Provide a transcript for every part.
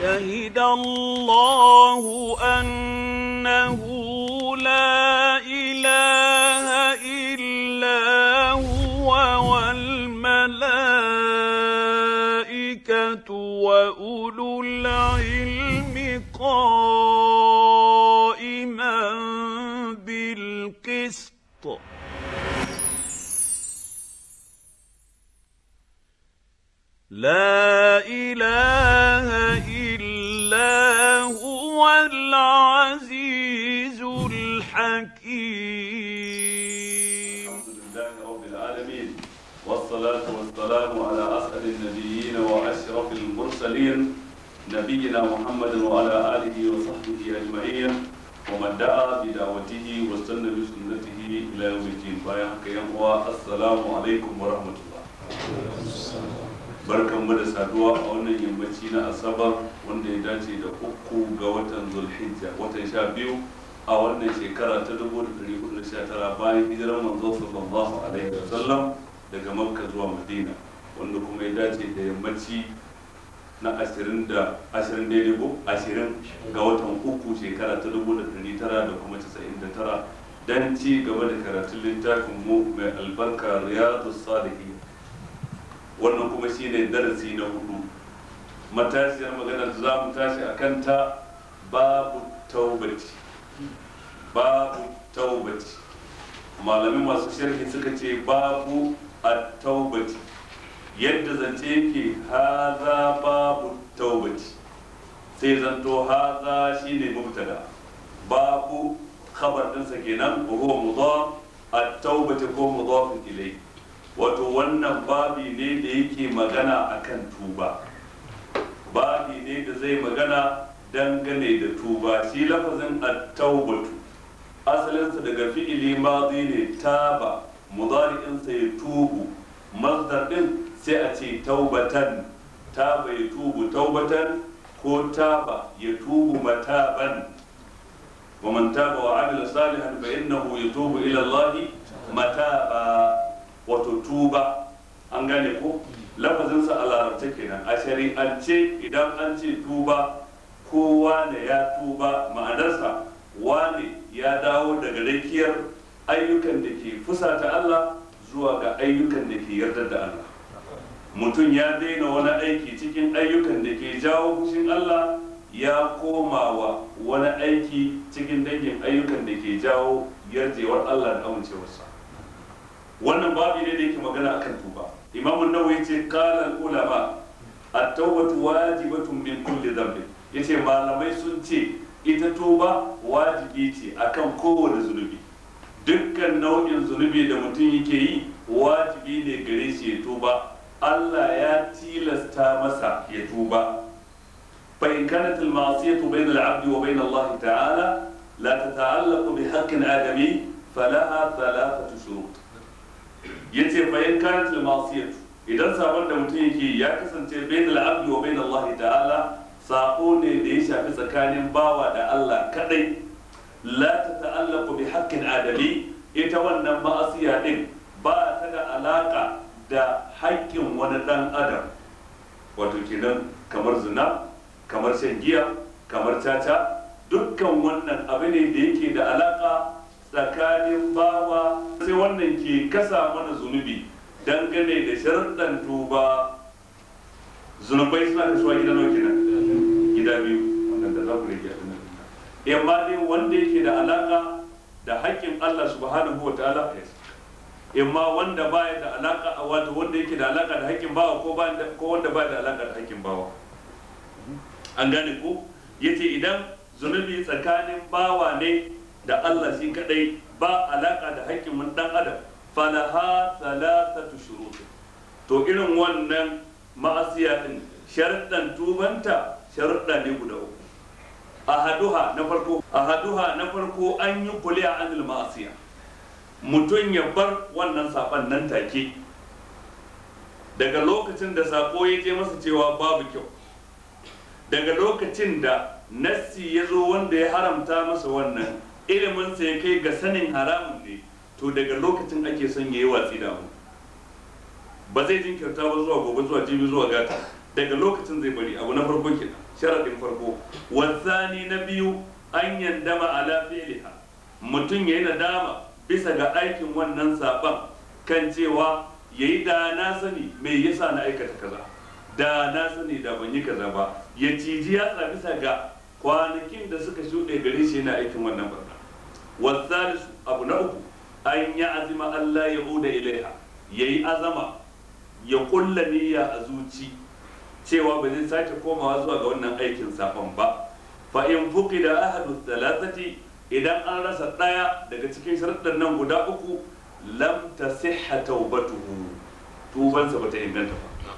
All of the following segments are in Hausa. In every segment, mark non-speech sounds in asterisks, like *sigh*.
شهد الله انه لا اله الا هو والملائكه واولو العلم قائما بالقسط لا اله والسلام على أسعد النبيين وأشرف المرسلين نبينا محمد وعلى آله وصحبه أجمعين ومن دعا بدعوته واستنى بسنته إلى يوم الدين بايعك يا السلام عليكم ورحمة الله barkan mu da saduwa a wannan yammaci na asabar wanda ya dace da uku ga watan zulhijja watan sha biyu a wannan shekara ta 1419 bayan hijirar manzo sallallahu alaihi Sallam. daga makka zuwa madina wanda kuma ya dace da yammaci na ashirin da ashirin daidai ko ashirin ga watan uku shekara ta dubu da tara da kuma casa'in da tara don ci gaba da karatun littafin mu mai albarka riyadu salihi wannan kuma shi ne darasi na hudu matashiyar magana da za mu tashi a kanta babu taubaci babu taubaci malamin masu sharhi suka ce babu at-taubati yadda zance ke haza babu taubati sai zanto haza shine mubtada babu khabar dinsa kenan ko mu at-taubati ko mudafun ilay wato wannan babi ne da yake magana akan tuba babi ne da zai magana dangane da tuba shi lafazin at-taubatu asalinsa daga fi'ili madi ne taba mudari'in sa ya tubu masdar din sai a ce taubatan taba ya tubu taubatan ko taba ya tubu mataban wa man taba wa amila salihan fa innahu yatubu ila allahi mataba wato tuba an gane ko lafazin sa a larabta kenan a shari'ance idan an ce tuba kowa ne ya tuba ma'anarsa wane ya dawo daga rakiyar ayyukan da ke fusata Allah zuwa ga ayyukan da ke yarda da Allah mutum ya daina wani aiki cikin ayyukan da ke jawo fushin Allah ya koma wa wani aiki cikin dangin ayyukan da ke jawo yarjewar Allah da amincewarsa wannan babu ne da yake magana akan tuba imamun nawawi ce kalan ulama at-tawbatu wajibatun min kulli ya ce malamai sun ce ita tuba wajibi ce akan kowane zunubi dukkan nau'in zunubi da mutum yake yi wajibi ne gare shi ya tuba Allah ya tilasta masa ya tuba fa in kanat al ma'siyatu bayna al 'abdi wa bayna Allah ta'ala la tata'allaqu bi haqqin adami falaha thalathatu shurut yace fa in kanat al ma'siyatu idan sabon da mutum yake ya kasance bayna al 'abdi wa bayna Allah ta'ala sako ne da ya shafi tsakanin bawa da Allah kadai la tata'allaqu bi haƙƙin adami ita wannan ma'asiya ɗin ba ta da alaƙa da haƙƙin wani ɗan adam wato kenan kamar zina kamar shan giya kamar caca dukkan wannan abu ne da yake da alaƙa tsakanin bawa sai wannan ke kasa mana zunubi dangane da sharɗan tuba zunubai suna kasuwa gidan nawa kenan gida biyu wannan da za ku rage in ba dai wanda yake da alaka da haƙƙin Allah subhanahu wa ta'ala in ma wanda baya da alaka wato wanda yake da alaka da haƙƙin bawa ko ko wanda baya da alaka da haƙƙin bawa an gane ko yace idan zunubi tsakanin bawa ne da Allah shi kadai ba alaka da haƙƙin mun dan adam falaha thalathatu shurut to irin wannan ma'asiya din tubanta sharuɗa ne guda uku ahaduha na farko ahaduha na farko an yi kuliya anil ma'asiya mutum ya bar wannan saban nan take daga lokacin da saƙo ya je masa cewa babu kyau daga lokacin da nassi ya zo wanda ya haramta masa wannan iliminsa ya kai ga sanin haramun ne to daga lokacin ake son ya yi watsi damu ba zai jinkirta ba zuwa gobe zuwa jibi zuwa gata daga lokacin zai bari abu na farko kenan sharadin farko wasani na biyu an yandama a fi'liha mutum ya yi nadama bisa ga aikin wannan saban kan cewa yi da na sani me yasa na aikata kaza da na sani da ban yi kaza ba ya ciji yatsa bisa ga kwanakin da suka shuɗe gare shi yana aikin wannan barna wasani abu na uku an yi azima Allah ya uda ilaiha yayi azama ya kulla niyya a zuci cewa ba zai sake komawa zuwa ga wannan aikin saban ba fa in fuqida ahadu thalathati idan an rasa daya daga cikin sharuddan nan guda uku lam tasihha tawbatuhu sa bata inganta ba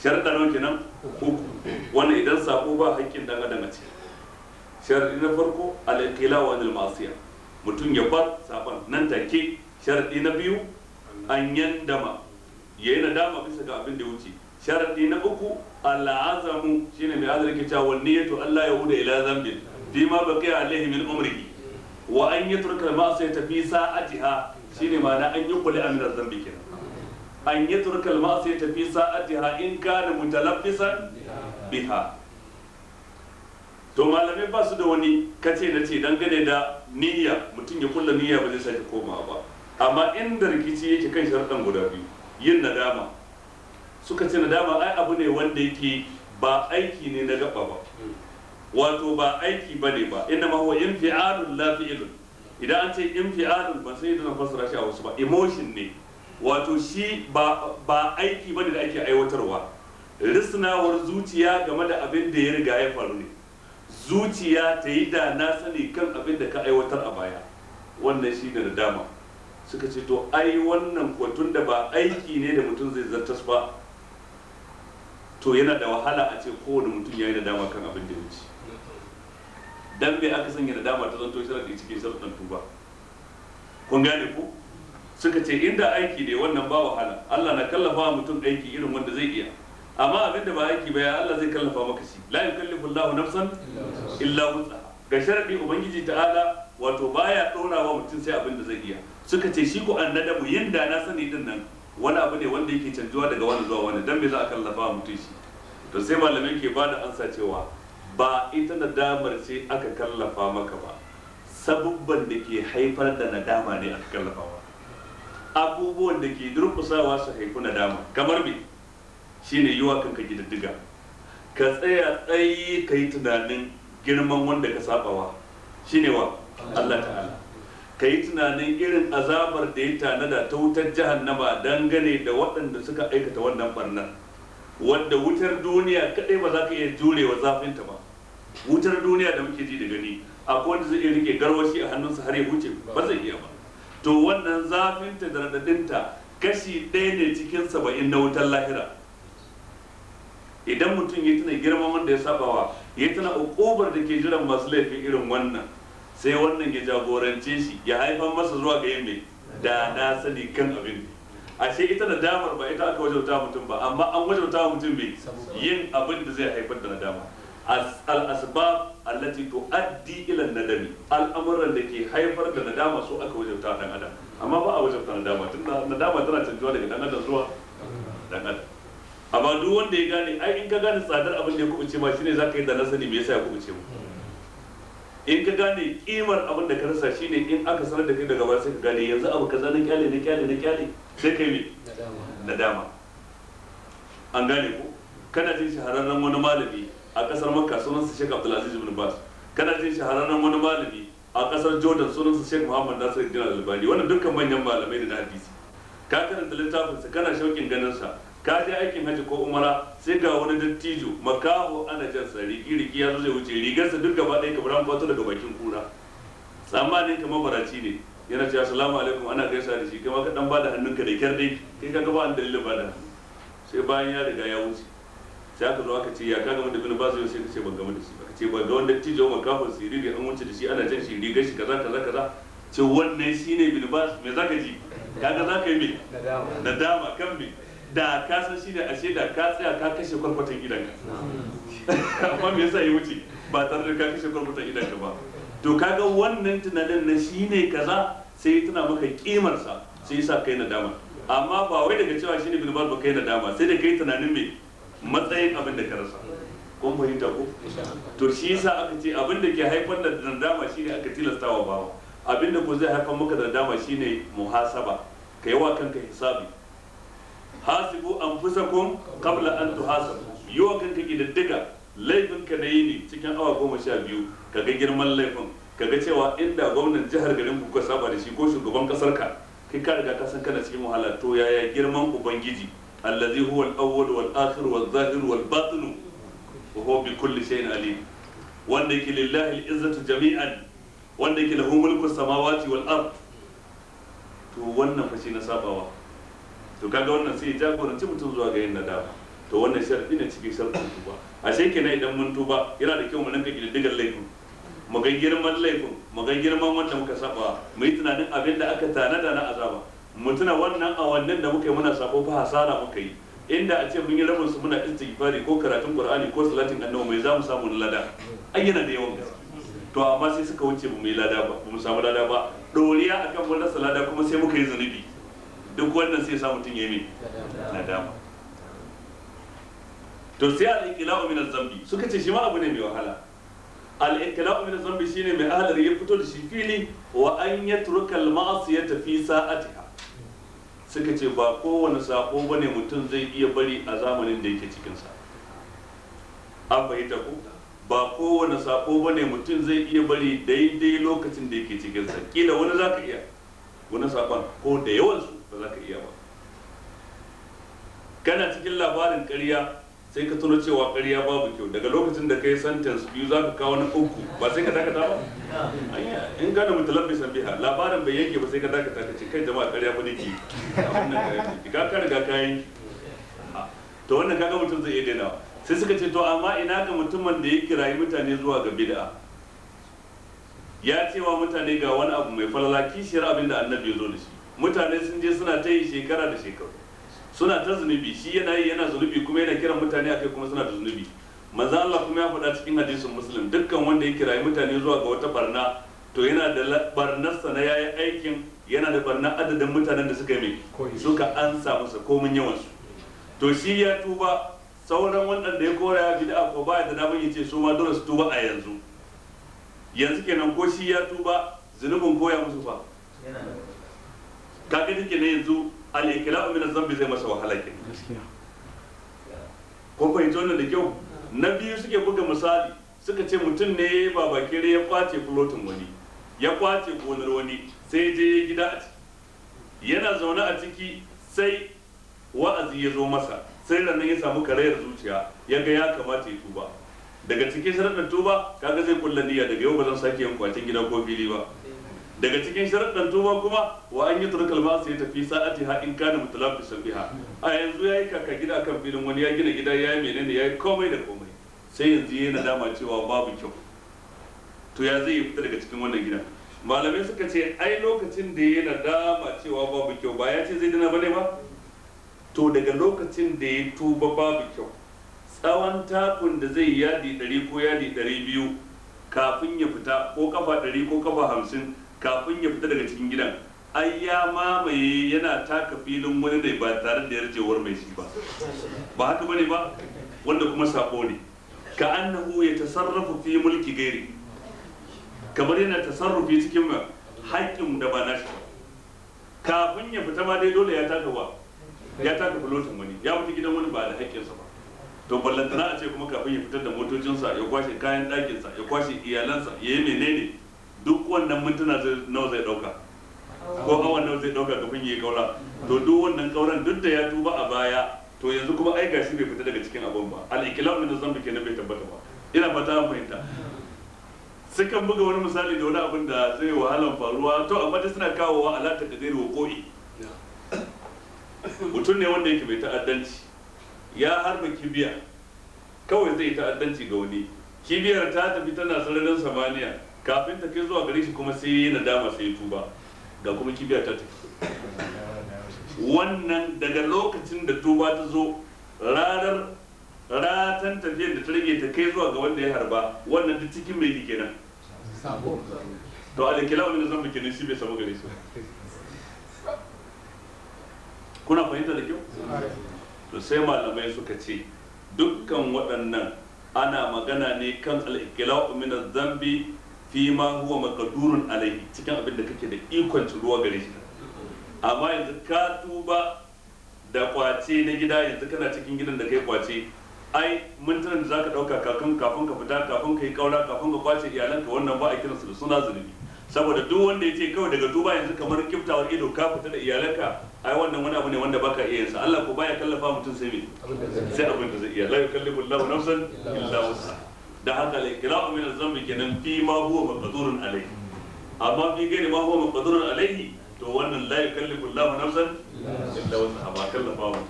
sharuddan nan kenan uku wanda idan sako ba haƙƙin dan adam ce sharadi na farko al iqla wa al-ma'siyah mutum ya bar saban nan take sharadi na biyu an yandama da nadama bisa ga abin da ya wuce sharadi na uku al'azamu shine mai azar ke ya to Allah ya huda ila zambin fi ma baqiya alaihi min umrihi wa an yatruka al-ma'siyata fi sa'atiha shine ma'ana an yuqli min az-zambi kenan an yatruka al-ma'siyata fi sa'atiha in kana mutalaffisan biha to malamai ba su da wani kace da ce dangane da niyya mutum ya kulla niyya ba zai sake komawa ba amma inda rikici yake kan sharaɗan guda biyu yin nadama suka ce na dama ai abu ne wanda yake ba aiki ne na gaba ba wato ba aiki ba ne ba inda ma huwa infi'alun la idan an ce infi'alun ba sai idan fasara shi a wasu ba emotion ne wato shi ba aiki ba ne da ake aiwatarwa risnawar zuciya game da abin da ya riga ya faru ne zuciya ta yi da na sani kan abin da ka aiwatar a baya wannan shi da dama suka ce to ai wannan kwatun da ba aiki ne da mutum zai zartas ba to yana da wahala a ce kowane mutum ya yi nadama kan abin da ya wuce dan bai aka sanya nadama ta zanto sharadi cikin sharadin tuba kun gane ko suka ce inda aiki ne wannan ba wahala Allah na kallafa mutum aiki irin wanda zai iya amma abin da ba aiki ba ya Allah zai kallafa maka shi la yukallifu Allahu nafsan illa wus'aha ga sharadi ubangiji ta'ala wato baya dora wa mutum sai abin da zai iya suka ce shi ko annadabu yinda na sani din nan wani abu ne wanda yake canjuwa daga wani zuwa wani dan me za a kallafa mutum shi to sai malamai ke ba da ansa cewa ba ita nadamar ce aka kallafa maka ba sabubban da ke haifar da nadama ne aka kallafa ba abubuwan da ke durkusawa su haifi nadama kamar me shine yiwa kanka gidaddiga ka tsaya tsayi ka yi tunanin girman wanda ka sabawa shine wa Allah ta'ala ka yi tunanin irin azabar da ya tanada ta wutar jahannama dangane da waɗanda suka aikata wannan barnar wadda wutar duniya kaɗai ba za ka iya jurewa zafinta ba wutar duniya da muke ji da gani akwai wanda zai iya rike garwashi a hannunsa har ya wuce ba zai iya ba to wannan zafinta da raɗaɗinta kashi ɗaya ne cikin saba'in na wutar lahira idan mutum ya tuna girman wanda ya sabawa ya tuna ukubar da ke jiran masu laifin irin wannan sai wannan ya jagorance shi ya haifan masa zuwa ga yin mai da na sani kan abin ashe ita da damar ba ita aka wajauta mutum ba amma an wajauta mutum mai yin abin da zai haifar da nadama al-asbab allati tuaddi ila nadami al'amuran da ke haifar da nadama su aka wajauta dan adam amma ba a wajauta nadama tunda nadama tana canjuwa daga dan adam zuwa dan adam amma duk wanda ya gane ai in ka gane tsadar abin da ya kubuce ma shine zaka yi da na sani me yasa ya kubuce mu in ka gane kimar abin da ka rasa shine in aka sanar da kai daga baya sai ka gane yanzu abu kaza na kyale na kyale na kyale sai kai me nadama an gane ko kana jin shahararren wani malami a kasar makka sunansa shek abdulaziz ibn bas kana jin shahararren wani malami a kasar jordan sunansa shek muhammad nasir ibn albani wannan dukkan manyan malamai da na hadisi ka karanta littafinsa kana shauƙin ganin sa ka je aikin haji ko umara sai ga wani dattijo makaho ana jan sa rigi rigi ya zo zai wuce rigarsa duk gaba ɗaya kamar an fato daga bakin kura tsammanin kamar baraci ne yana cewa assalamu alaikum ana gaisa da shi kamar ka dan bada hannunka da kyar dai kai ka gaba an dalilin bada sai bayan ya riga ya wuce sai aka zo aka ce ya ka gama da bin zai sai ka ce ban gama da shi ba ka ce ban ga dattijo tijo makafin siriri an wuce da shi ana jan shi rigar shi kaza kaza kaza ce wannan shine bin ba me zaka ji kaga zaka yi me nadama kan me da ka san shi da ashe da ka tsaya ka kashe kwarkwatan idanka *laughs* amma me yasa ya wuce ba tare da ka kashe kwarkwatan idanka ba to kaga wannan tunanin na shi ne kaza sai tana maka kimarsa sai yasa kai nadama amma ba wai daga cewa shi ne bin ba kai nadama sai da kai tunanin me matsayin abin da ka rasa kun fahimta ko to shi yasa aka ce abin da ke haifar da nadama shi ne aka tilastawa bawa abin da ko zai haifar maka da nadama shi ne muhasaba kai wa kanka hisabi hasibu anfusakum qabla an tuhasabu yiwa kanka kididdiga laifin ka na yini cikin awa goma sha biyu ka ga girman laifin ka ga cewa inda gwamnan jihar garin ku saba da shi ko shugaban kasar ka kai ka riga ka san kana cikin wahala to yaya girman ubangiji allazi huwa al-awwal wal akhir wal zahir wal batin wa huwa bi kulli shay'in alim wanda yake lillahi al-izzatu jami'an wanda yake lahu mulku samawati wal ard to wannan fa shi na sabawa to kaga wannan sai ya jagoranci mutum zuwa ga yin nadama to wannan sharadi ne cikin sharadin tuba ashe kenan idan mun tuba yana da kyau mu rinka kididdigar laifin mu ga girman laifin mu ga girman wanda muka saba mu yi tunanin abin da aka da na azaba mu tuna wannan awannin da muka yi muna sako fa hasara muka yi inda a ce mun yi rabin su muna istighfari ko karatun qur'ani ko salatin annabi mai zamu samu lada ai yana da yawan gaske to amma sai suka wuce ba mu yi lada ba ba mu samu lada ba doriya akan mun rasa lada kuma sai muka yi zunubi duk wannan sai sa mutum ya yi dama. to sai al-iqla'u min az-zambi suka ce shi ma abu ne mai wahala al-iqla'u min az-zambi shine mai ahalar ya fito da shi fili wa an yatruka al-ma'siyata fi sa'atiha suka ce ba kowane sako bane mutum zai iya bari a zamanin da yake cikin sa an fahimta ku ba kowane sako bane mutum zai iya bari daidai lokacin da yake cikin sa kila wani zaka iya wani sakon ko da yawan su ba za ka iya ba kana cikin labarin ƙarya sai ka tuno cewa ƙarya babu kyau daga lokacin da ka yi sentence biyu za ka kawo na uku ba sai ka dakata ba in gane mutu mutalabbisan biha labarin bai yanke ba sai ka dakata ka ce kai jama'a ƙarya ba nake ka ka riga kayan to wannan kaga mutum zai iya dainawa sai suka ce to amma ina ga mutumin da ya kirayi mutane zuwa ga bid'a ya ce wa mutane ga wani abu mai falala kishiyar abin da annabi ya zo da shi mutane sun je suna ta yi shekara da shekaru suna ta zunubi shi yana yi yana zunubi kuma yana kiran mutane akai kuma suna da zunubi manzo Allah kuma ya faɗa cikin hadisin muslim dukkan wanda ya kirayi mutane zuwa ga wata barna to yana da barnarsa na yayi aikin yana da barna adadin mutanen da suka yi mai suka an samu sa komin yawan su to shi ya tuba sauran waɗanda ya kora ya bid'a ko ba da damar yace su ma dole su tuba a yanzu yanzu kenan ko shi ya tuba zunubin koya musu fa ka gani ne yanzu al-iqla'u min zambi zai masa wahala ke ko fahimci wannan da kyau na biyu suke buga misali suka ce mutum ne ba bakire ya kwace fulotin wani ya kwace gonar wani sai je gida a ciki yana zaune a ciki sai wa'azi ya zo masa sai nan ya samu karayar zuciya ya ga ya kamata ya tuba daga cikin sharaɗin tuba kaga zai kulla niyya daga yau ba zan sake yin kwacin gida ko fili ba daga cikin sharaɗin tuba kuma wa an yi turkal ba su ya tafi sa'ati ha in kana mutalafisan biha a yanzu ya yi kaka gida kan filin wani ya gina gida ya yi menene ya yi komai da komai sai yanzu ya yi dama cewa babu kyau to ya zai fita daga cikin wannan gida malamai suka ce ai lokacin da yana dama cewa babu kyau ba ya ce zai dana bane ba to daga lokacin da ya tuba babu kyau tsawon takun da zai yadi ɗari ko yadi ɗari biyu kafin ya fita ko kafa ɗari ko kafa hamsin kafin ya fita daga cikin gidan ai ya mamaye yana taka filin wani ne ba tare da yarjewar mai shi ba ba haka bane ba wanda kuma sako ne ka annahu ya tasarrafu fi mulki gairi kamar yana tasarrufi cikin haƙƙin da ba nashi kafin ya fita ma dai dole ya taka ba ya taka fulotin wani ya fita gidan wani ba da haƙƙinsa ba to ballantana a ce kuma kafin ya fitar da motocinsa ya kwashe kayan ɗakinsa ya kwashe iyalansa ya yi menene duk wannan mintuna nawa zai dauka ko awan nawa zai dauka kafin yayi kaura to duk wannan kauran duk da ya tuba a baya to yanzu kuma ai gashi bai fita daga cikin abun ba al-iqlam min zambi kenan bai tabbata ba ina fata an fahimta sukan buga wani misali da wani abin da zai wahalan faruwa to amma dai suna kawowa ala taqdir wuqi mutum ne wanda yake mai ta'addanci ya harba kibiya kawai zai ta'addanci ga wani kibiyar ta tafi tana sararin samaniya kafin ta ke zuwa gare shi kuma sai ya nadama sai ya tuba ga kuma kibiya ta tafi wannan daga lokacin da tuba ta zo ranar ratan tafiyar da ta rage ta kai zuwa ga wanda ya harba wannan duk cikin mai nan. to alikila wani da zamba kenan shi bai samu gare su kuna fahimta da kyau to sai malamai suka ce dukkan waɗannan ana magana ne kan al'ikilau min zambi fi ma huwa makadurun alayhi cikin abin da kake da ikon ruwa gare shi amma yanzu ka tuba da kwace na gida yanzu kana cikin gidan da kai kwace ai mintunan da zaka dauka kafin kafin ka fita kafin ka yi kaura kafin ka kwace iyalanka wannan ba a su da suna zunubi saboda duk wanda yace kawai daga tuba yanzu kamar kiftawar ido ka fita da iyalanka ai wannan wani abu ne wanda baka iya yin sa Allah ko baya kallafa mutum sai me sai abin da zai iya la yukallifu Allahu nafsan illa wusaha da haka lai kira'u min zambi kenan fi ma huwa maqdurun alaihi amma fi gani ma huwa maqdurun alaihi to wannan la yukallifu Allahu nafsan illa wus'aha ba kallafa wa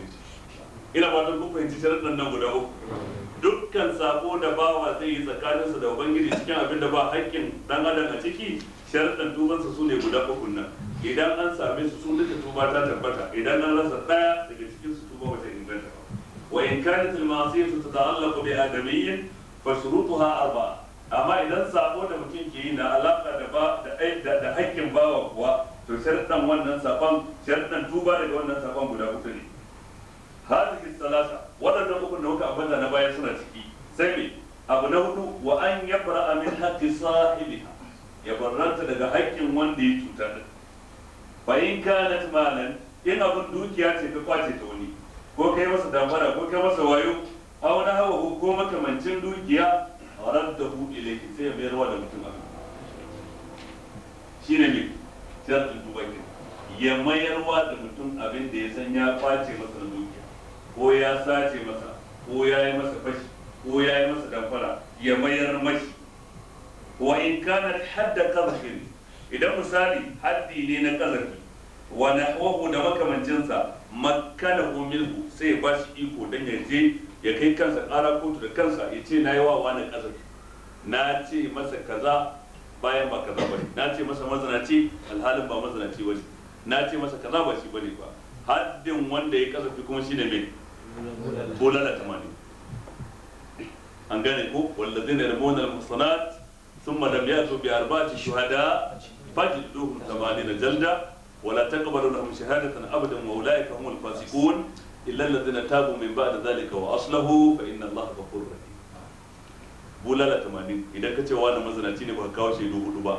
ina fatan kun fahimci sharuɗan nan guda uku dukkan sako da bawa zai yi tsakaninsa da ubangiji cikin abin da ba haƙƙin dan adam a ciki sharuɗan tubansa su ne guda uku nan idan an same su su duka tuba ta tabbata idan an rasa ɗaya daga cikin su tuba wata inganta ba wa in kanat al-ma'siyatu tata'allaqu bi adamiyyin fa ha arba amma idan sabo da mutum ke yi na alaka da ba da da hakkin bawa kuwa to sharadan wannan saban sharadan tuba daga wannan saban guda uku ne hadhihi salasa wadannan uku da muka ambata na baya suna ciki sai me abu na hudu wa an yabra min haqqi sahibiha ya barranta daga hakkin wanda ya cuta din fa in kanat malan in abun dukiya ce ka kwace ta wani ko kai masa damfara ko kai masa wayo aw hawa ko makamancin dukiya raddahu ilayhi sai ya mayar wa da mutum aka shine ne shartul dubai ya mayarwa da mutum abin da ya san ya kwace masa dukiya ko ya sace masa ko ya yi masa fashi ko ya yi masa damfara ya mayar mashi wa in kana hadda qazfin idan misali haddi ne na qazfi wa nahwahu da makamancinsa ko minhu sai ba shi iko dan ya je ya kai kansa ƙara kotu da kansa ya ce na yi wa wani ƙazafi na ce masa kaza bayan ba kaza bane na ce masa mazanaci alhalin ba mazanaci bane na ce masa kaza ba shi bane ba haddin wanda ya kasafi kuma shi shine mai bulala tamani an gane ko zai wallazina yarmuna almuhsanat thumma lam ya'tu bi arba'ati shuhada fajliduhum 80 jalda ولا تقبلوا لهم شهادة أبدا وأولئك wani الفاسقون illa alladhina tabu min ba'da zalika wa aslahu fa inna allaha ghafurur rahim bulala tamanin idan kace wani mazanaci ne baka kawo shaidu hudu ba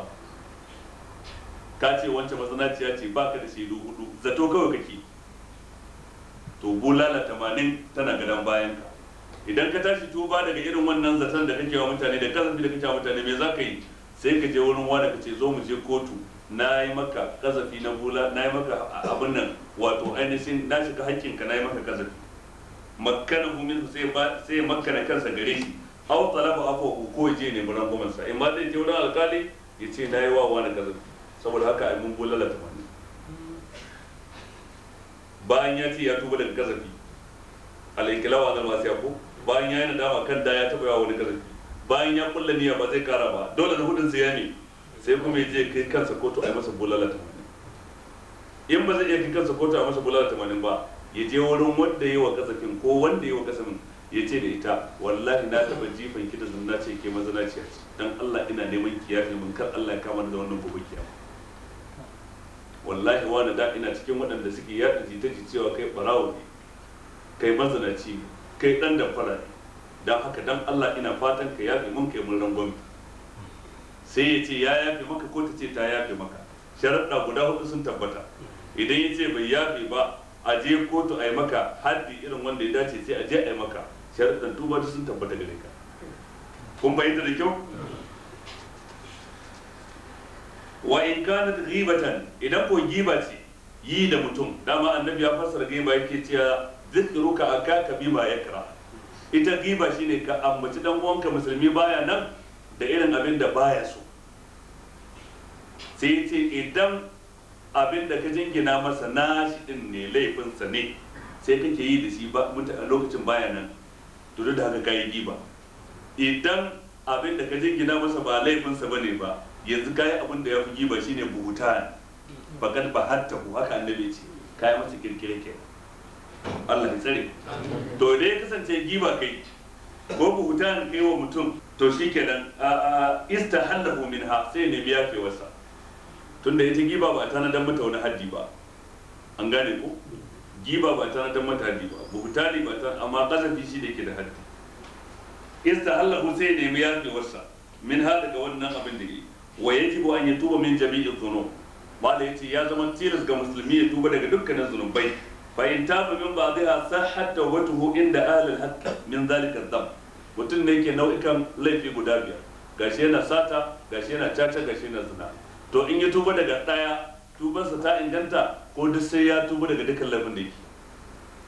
ka ce wance mazanaciya ce baka da shaidu hudu zato kawai kake to bulala tamanin tana gadan bayan ka idan ka tashi ba daga irin wannan zaton da kake wa mutane da kasance da kake wa mutane me za ka yi sai ka je wurin wani ka ce zo mu je kotu na yi maka kazafi na bula na yi maka abin nan wato ainihin na shiga hakkinka na yi maka kazafi makkana min sai makkana kansa gare shi aw talaba afahu ko je ne murangumin sa in ba zai je wurin alkali ya ce na yi wa wani kazafi saboda haka ai mun bulala tamani bayan ya ce ya tuba daga kazafi al-inqilawa na wasiya ko bayan ya yi nadama kan da ya taba yawa wani kazafi bayan ya kulla niyya ba zai kara ba dole da hudun sai ya ne sai kuma je kai kansa kotu a yi masa bulala tamanin in ba zai iya kai kansa kotu a masa bulala tamanin ba ya je wurin wanda yi wa kasafin ko wanda yi wa kasafin ya ce da ita wallahi na taɓa jifan ki da zanna ce ke mazana ce dan Allah ina neman kiyafi mun kar Allah ya kama da wannan gobe kiyama wallahi wani da ina cikin waɗanda suke yaɗa jita cewa kai ɓarawo ne kai mazanaci ce kai ɗan damfara ne don haka dan Allah ina fatan ka yaɗa mun kai mun rangwame sai ya ce ya yafe maka ko ta ce ta yafe maka sharaɗa guda hudu sun tabbata idan ya ce bai yafe ba a je kotu a yi maka haddi irin wanda ya dace sai a je a yi maka sharaɗan tuba sun tabbata gare ka kun bayyana da kyau wa in kana ghibatan idan ko giba ce yi da mutum dama annabi ya fassara giba yake cewa zikruka akaka bima yakra ita giba shine ka ammaci dan uwanka musulmi baya nan da irin abin da baya so sai ya ce idan abin da ka jingina masa na shi din ne laifinsa ne sai kake yi da shi ba lokacin baya nan to da haka kayi giba idan abin da ka jingina masa ba laifinsa ba ne ba yanzu kayi abin da ya fi giba shine buhutan bakat ba hatta ku haka annabi ce kayi masa kirkire ke Allah ya tsare to dai kasance giba kai ko buhuta kai wa mutum to shikenan istahallahu minha sai ne biya ke wasa tunda ita giba ba ta nadan mata wani haddi ba an gane ko giba ba ta nadan mata haddi ba buhutani ba ta amma kasafi shi ne ke da haddi ista Allah sai ne mu fi wasa min ha daga wannan abin da yi wa yajibu an tuba min jami'i dhunub mala yace ya zama tilas ga musulmi ya tuba daga dukkanin zunubai fa in taba min ba'dha sahhata wa inda ahli al min zalika zam. mutum ne yake nau'ikan laifi guda biyar gashi yana sata gashi yana caca gashi yana zina to in ya tuba daga ɗaya tubansa ta inganta ko duk sai ya tuba daga dukkan laifin da yake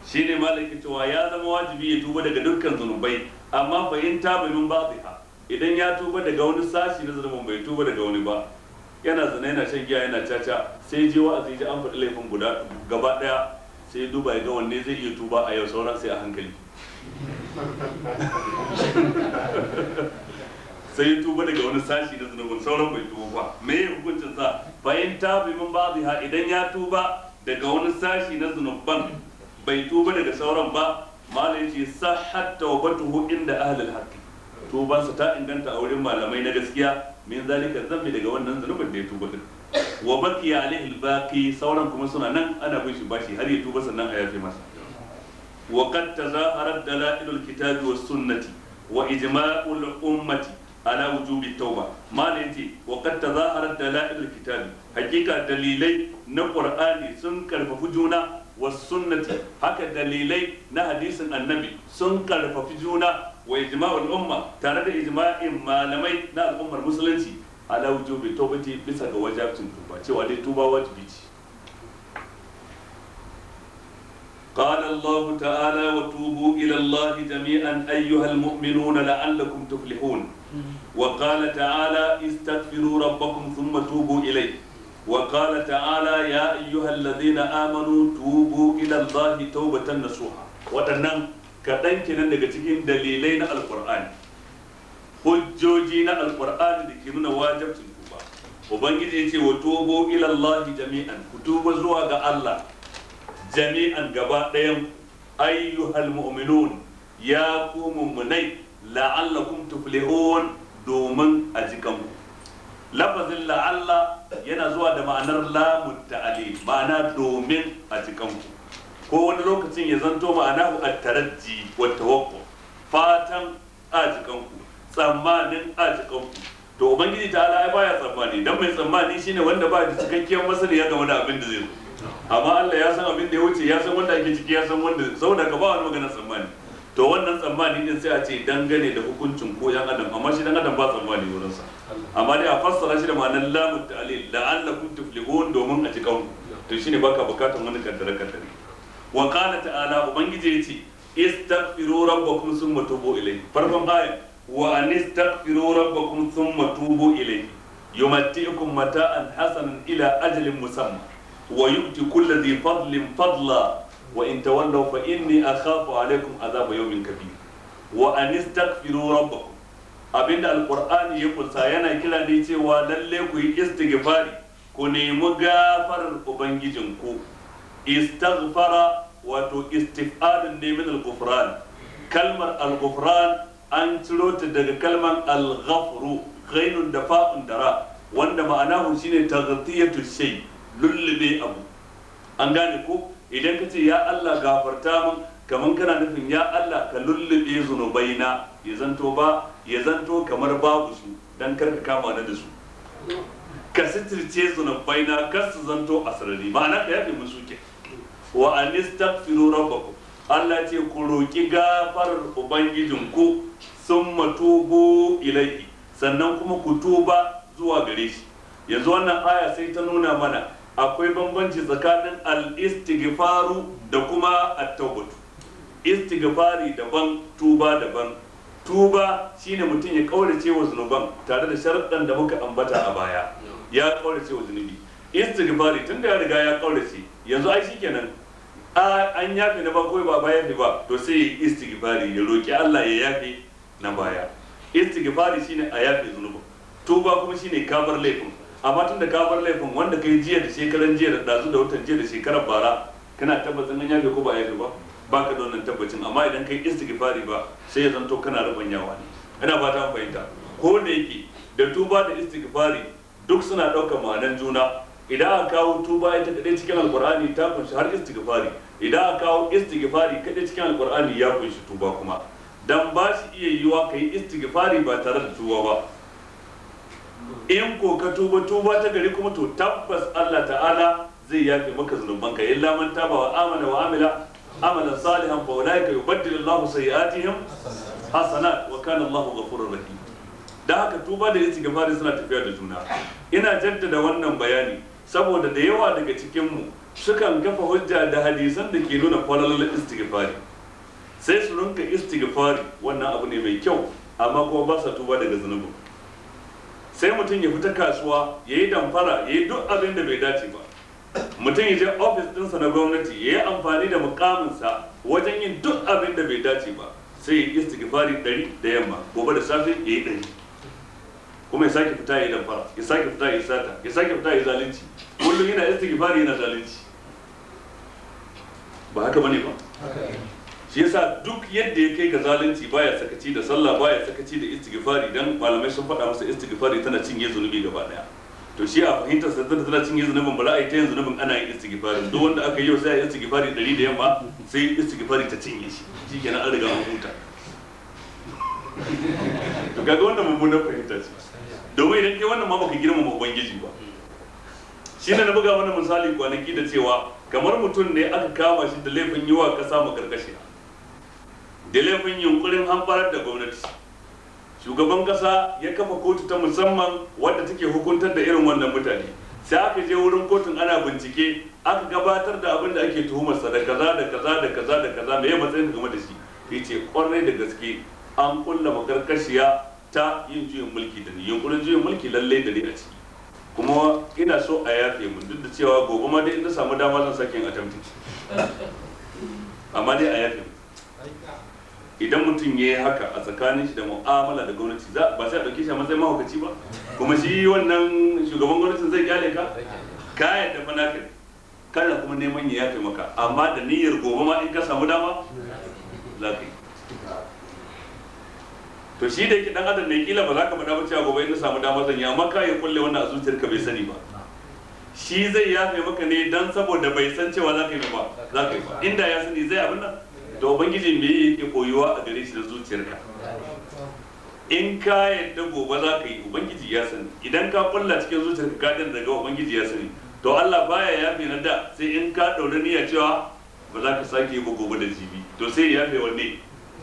shi ne malaki cewa ya zama wajibi ya tuba daga dukkan zunubai amma fahimta bai min ha. idan ya tuba daga wani sashi na zunubin bai tuba daga wani ba yana zana yana shan giya yana caca sai je wa'azi ji an faɗi laifin guda gaba ɗaya sai duba ya ga wanne zai iya tuba a yau sauran sai a hankali *laughs* sai ya tuba daga wani sashi na zunubin sauran bai tuba ba me ya hukuncin sa bayan ta bi min ba'dha idan ya tuba daga wani sashi na zunuban bai tuba daga sauran ba malai ce sahhat tawbatuhu inda ahlul haqq tubansa ta inganta a wurin malamai na gaskiya min zalika zambi daga wannan zunubin da ya tuba din wa baqiya alaihi albaqi sauran kuma suna nan ana bin shi bashi har ya tuba sannan a yafe masa wa qad tazaharat dalailul kitabi was sunnati wa ijma'ul ummati ala wujubi tauba mala yace wa qad tazaharat dalail kitab hakika dalilai na qur'ani sun karfafi juna was sunnati haka dalilai na hadisin annabi sun karfafi juna wa ijma'ul umma tare da ijma'in malamai na al'ummar musulunci ala wujubi taubati bisa ga wajabcin tuba cewa dai tuba wajibi قال الله تعالى وتوبوا إلى الله جميعا أيها المؤمنون لعلكم تفلحون وقال تعالى استغفروا ربكم ثم توبوا إليه وقال تعالى يا أيها الذين آمنوا توبوا إلى الله توبة نصوحا وتنم كتن كنن نغتكين دليلين القرآن حجوجين القرآن لكنون واجب تنكوبا وبنجي يتي وتوبوا إلى الله جميعا كتوبوا زواغ الله جميعا قبا ديم أيها المؤمنون يا قوم مني لعلكم تفلحون domin a ku lafazin la'alla yana zuwa da ma'anar lamun ta'ali ma'ana domin a ku ko wani lokacin ya zanto ma'ana a taraji wata wakko fatan a jikanku tsammanin a jikanku to ubangiji ta ala ya baya tsammani dan mai tsammani shine wanda ba da cikakkiyar ya game da abin da zai zo amma Allah ya san abin da ya wuce ya san wanda ake ciki ya san wanda saboda ka ba wani maganar tsammani to wannan tsammani din sai a ce dangane da hukuncin ko yan adam amma shi dan adam ba tsammani wurin sa amma dai a fassara shi da ma'anar lamu ta'lil la'allakum tuflihun domin a cikan to ne baka bukatan wani kaddara kaddare wa qala ta'ala ubangije yace istaghfiru rabbakum thumma tubu ilayhi farkon ayat wa anistaghfiru rabbakum thumma tubu ilayhi yumatti'ukum mata'an hasanan ila ajalin musamma wa yu'ti kulli dhi fadlin fadla wa in tawallaw fa inni akhafu alaikum azaba yawmin kabir wa an istaghfiru rabbakum abinda alqur'ani ya kunsa yana kira ne cewa lalle ku yi istighfari ku nemi gafarar ubangijinku Istagfara wato istifadin ne min al kalmar al an ciro ta daga kalmar al-ghafru ghainun da fa'un dara wanda ma'anahu shine taghtiyatu shay lullube abu an gane ko idan ka ce ya Allah gafarta min kaman kana nufin ya Allah ka lullube zunubaina ya zanto ba ya zanto kamar babu su dan kar ka kama na da su ka sitirce zunubaina kar su zanto a ba ma'ana ka yafe musu ke wa anistaghfiru rabbakum Allah ce ku roki gafarar ubangijinku sun matubu ilaihi sannan kuma ku tuba zuwa gare shi yanzu wannan aya sai ta nuna mana akwai bambanci tsakanin al-istighfaru da kuma at-taubatu istighfari daban tuba daban tuba shine mutum ya kaurace wa zunuban tare da sharaɗan da muka ambata a baya ya kaurace wa zunubi istighfari tunda ya riga ya kaurace yanzu ai shikenan an yafe na bako ba bayan ba to sai ya istighfari ya roki Allah ya yafe na baya istighfari shine a yafe zunuba tuba kuma shine kamar laifin amma tun da ka bar laifin wanda kai jiya da shekaran jiya da dazu da watan jiya da shekarar bara kana tabbacin an yafe ko ba yafe ba ba ka da wannan tabbacin amma idan kai istighfari ba sai ya zanto kana yawa ne ina fata an fahimta ko da yake da tuba da istighfari duk suna ɗaukar ma'anan juna idan aka kawo tuba ita kadai cikin alkur'ani ta kunshi har istighfari idan aka kawo istighfari kadai cikin alkur'ani ya kunshi tuba kuma dan ba shi iya yiwa kai istighfari ba tare da tuba ba in ko ka tuba tuba ta gari kuma to tabbas Allah ta'ala zai yafe maka zunubanka illa man taba wa amana wa amila amalan salihan fa ulaika yubaddilu Allahu sayiatihim hasanat wa kana Allahu ghafurur rahim da haka tuba da da suna tafiya da juna ina jaddada wannan bayani saboda da yawa daga cikin mu sukan kafa hujja da hadisan da ke nuna falalul istighfari sai su rinka istighfari wannan abu ne mai kyau amma kuma ba sa tuba daga zunubin sai mutum ya fita kasuwa ya yi damfara ya yi duk abin da bai dace ba mutum ya je ofis ɗinsa na gwamnati ya yi amfani da mukaminsa wajen yin duk abin da bai dace ba sai ya yi istighfari ɗari da yamma gobe da safe ya yi ɗari kuma ya sake fita ya yi damfara ya sake fita ya yi sata ya sake fita ya yi zalunci kullum yana istighfari yana zalunci ba haka bane ba shi yasa duk yadda ya kai ga zalunci baya sakaci da sallah baya sakaci da istighfari dan malamai sun faɗa masa istighfari tana cinye zunubi gaba daya to shi a fahimtar sa tana cinye zunubin ba ra'ayi ta yin zunubin ana yin istighfari duk wanda aka yi sai ya istighfari 100 da yamma sai istighfari ta cinye shi shikenan an riga an huta to kaga wannan mummunan fahimta ce domin idan kai wannan ma baka ma ubangiji ba shi ne na buga wani misali kwanaki da cewa kamar mutum ne aka kama shi da laifin yiwa ka kasa makarkashiya da laifin yunkurin hanfarar da gwamnati shugaban kasa ya kafa kotu ta musamman wadda take hukuntar da irin wannan mutane sai aka je wurin kotun ana bincike aka gabatar da abin da ake sa da kaza da kaza da kaza da kaza me matsayin game da shi yace kwarai da gaske an kulla makarkashiya ta yin juyin mulki da yunkurin juyin mulki lalle da ni a ciki kuma ina so a yafe mun duk da cewa gobe ma dai in na samu dama zan sake yin attempt amma dai a yafe mun idan mutum ya yi haka a tsakanin shi da mu'amala da gwamnati za ba sai a ɗauke shi a matsayin mahaukaci ba kuma shi wannan shugaban gwamnatin zai kyale ka ka yadda fa naka kana kuma neman ya yafe maka amma da niyyar gobe ma in ka samu dama za ka yi to shi da yake dan adam ne kila ba za ka faɗa ba cewa gobe in ka samu dama zan yi amma ka yi kulle wannan a zuciyarka bai sani ba shi zai yafe maka ne dan saboda bai san cewa za ka yi ba za ka yi ba inda ya sani zai abin nan to ubangiji me yake koyuwa a gare shi da zuciyarka in ka yadda gobe za ka yi ubangiji ya sani idan ka kulla cikin zuciyarka ka dan daga ubangiji ya sani to Allah baya yafe na da sai in ka daura niyya cewa ba za ka sake yi ba gobe da jibi to sai ya fi wanne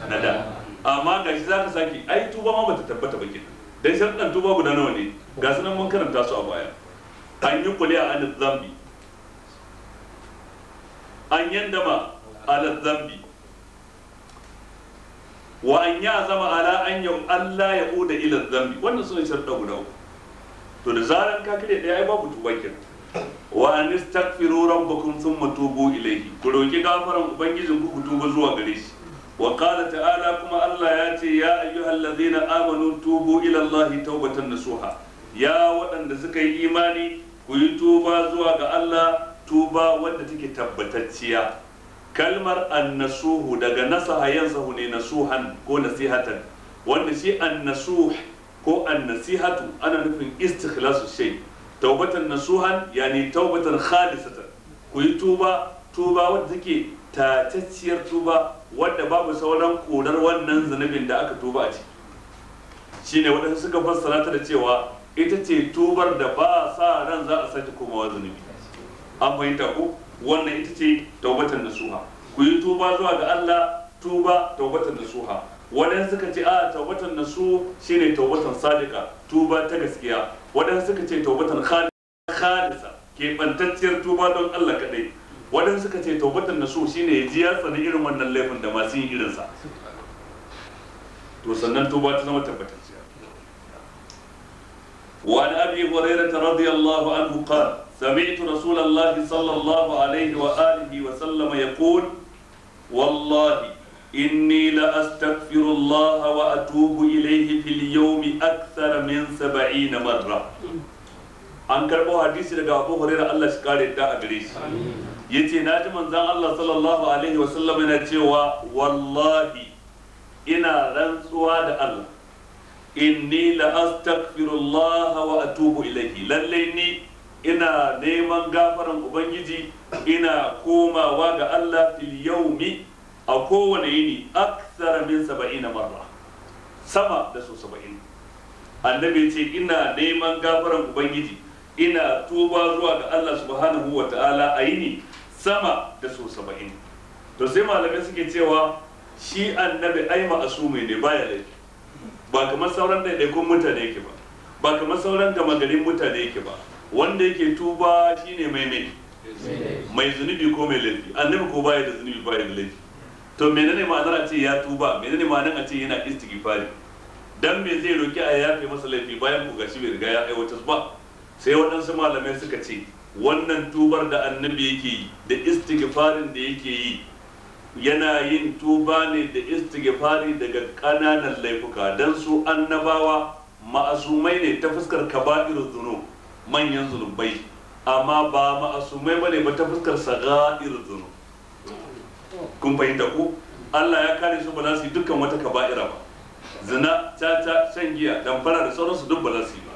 na da amma ga shi za ka sake ai tuba ma bata tabbata ba kenan dan sharɗan tuba guda nawa ne ga sunan mun karanta su a baya an yi kuliya an zambi an ma ala zambi wa an ya zama ala an yam Allah ya huda ila zambi wannan suna sharɗa guda to da zaran ka kare ɗaya ai babu tuba wa an istaghfiru rabbakum thumma tubu ilayhi ku roki gafaran ubangijin ku ku tuba zuwa gare shi wa qala ta'ala kuma Allah ya ce ya ayyuhallazina amanu tubu ila Allah tawbatan nasuha ya waɗanda suka yi imani ku yi tuba zuwa ga Allah tuba wadda take tabbatacciya kalmar annasuhu daga nasaha yansahu ne nasuhan ko nasihatan wanda shi annasuh ko annasihatu ana nufin istikhlasu shay taubatan nasuhan yani taubatan khalisatan ku yi tuba tuba wadda take tatacciyar tuba wadda babu sauran korar wannan zinabin da aka tuba a ciki shine wadanda suka fassara ta da cewa ita ce tubar da ba sa ran za a sake komawa zinabi, an fahimta ku wannan ita ce tawbatan nasuha ku yi tuba zuwa ga Allah tuba tawbatan nasuha wadan suka ce a tawbatan nasu shine taubatar sadiqa tuba ta gaskiya wadan suka ce taubatar khalisa ke bantacciyar tuba don Allah kadai wadan suka ce tawbatan nasu shine ya ji ya tsani irin wannan laifin da masu yin irinsa to sannan tuba ta zama tabbatacciya وعن an هريره رضي الله عنه قال سمعت رسول الله صلى الله عليه وآله وسلم يقول والله إني لأستغفر الله وأتوب إليه في اليوم أكثر من سبعين مرة an karɓo hadisi daga abu hurairu allah shi kare da a gare shi ya ce na ji manzan allah sallallahu alaihi wa wasallam yana cewa wallahi ina rantsuwa da allah inni la astaghfirullah wa atubu ilaihi lallai ni ina neman gafaran ubangiji ina komawa ga Allah fil yawmi a kowane yini aksara min saba'in marra sama da su saba'in annabi ce ina neman gafaran ubangiji ina tuba zuwa ga Allah subhanahu wa ta'ala a yini sama da su saba'in to sai malamai suke cewa shi annabi ai ma'asumi ne baya laifi ba kamar sauran ɗaiɗaikun mutane yake ba ba kamar sauran gama garin mutane yake ba wanda yake tuba shine mai mai mai zunubi ko mai laifi annabi ko baya da zunubi baya da laifi to menene ma'anar a ce ya tuba menene ma'anar a ce yana istighfari dan me zai roki a yafe masa laifi bayan ku gashi bai riga ya aiwatar ba sai waɗansu malamai suka ce wannan tubar da annabi yake yi da istighfarin da yake yi yana yin tuba ne da istighfari daga ƙananan laifuka dan su annabawa ma'asumai ne ta fuskar kaba'ir zunubi manyan zunubai amma ba ma'asumai bane ba ta fuskar irin zunub kun fahimta ko Allah ya kare su ba za su yi dukkan wata kaba'ira ba zina caca shan giya damfara da sauransu duk ba za su yi ba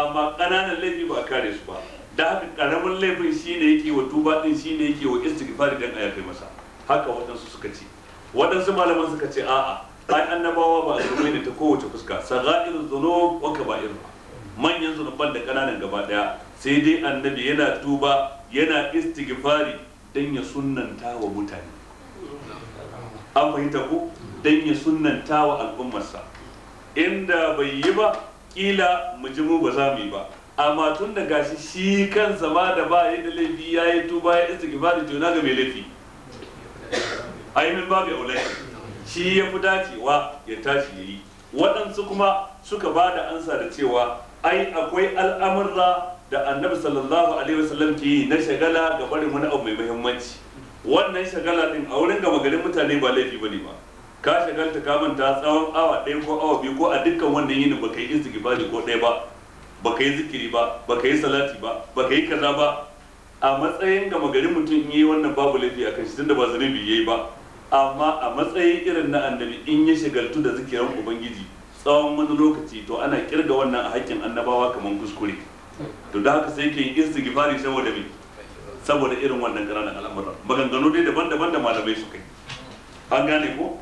amma ƙananan laifi ba kare su ba da haka ƙaramin laifin shine yake wa tuba din shine yake wa istighfari dan aya kai masa haka waɗansu suka ce waɗansu malaman suka ce a'a ai annabawa ba su ne ta kowace fuska saga'ir zunub wa kaba'ir ba manyan zunuban da kananan gaba daya sai dai annabi yana tuba yana istighfari dan ya sunnanta wa mutane an fahimta ko dan ya sunnanta wa al'ummarsa inda bai yi ba kila mu ji mu ba za mu yi ba amma tun da gashi shi kan zama da ba yi da laifi ya yi tuba ya istighfari to na ga mai laifi ai min babu aulai shi ya fi dacewa ya tashi ya yi waɗansu kuma suka ba da ansa da cewa ai akwai al'amurra da annabi sallallahu alaihi wasallam ke yi na shagala ga barin wani abu mai muhimmanci wannan shagala din a wurin gama garin mutane ba laifi bane ba ka shagalta ka manta tsawon awa ɗaya ko awa biyu ko a dukkan wannan yini baka yi ba ko ɗaya ba baka yi zikiri ba baka yi salati ba baka yi kaza ba a matsayin gama garin mutum in yi wannan babu laifi a kan shi tunda ba zunubi yayi ba amma a matsayin irin na annabi in ya shagaltu da zikiran ubangiji tsawon wani lokaci to ana kirga wannan a haƙƙin annabawa kamar kuskure to da haka sai ke yi istighfari saboda me saboda irin wannan ƙananan al'amuran maganganu dai daban-daban da malamai su kai an gane ko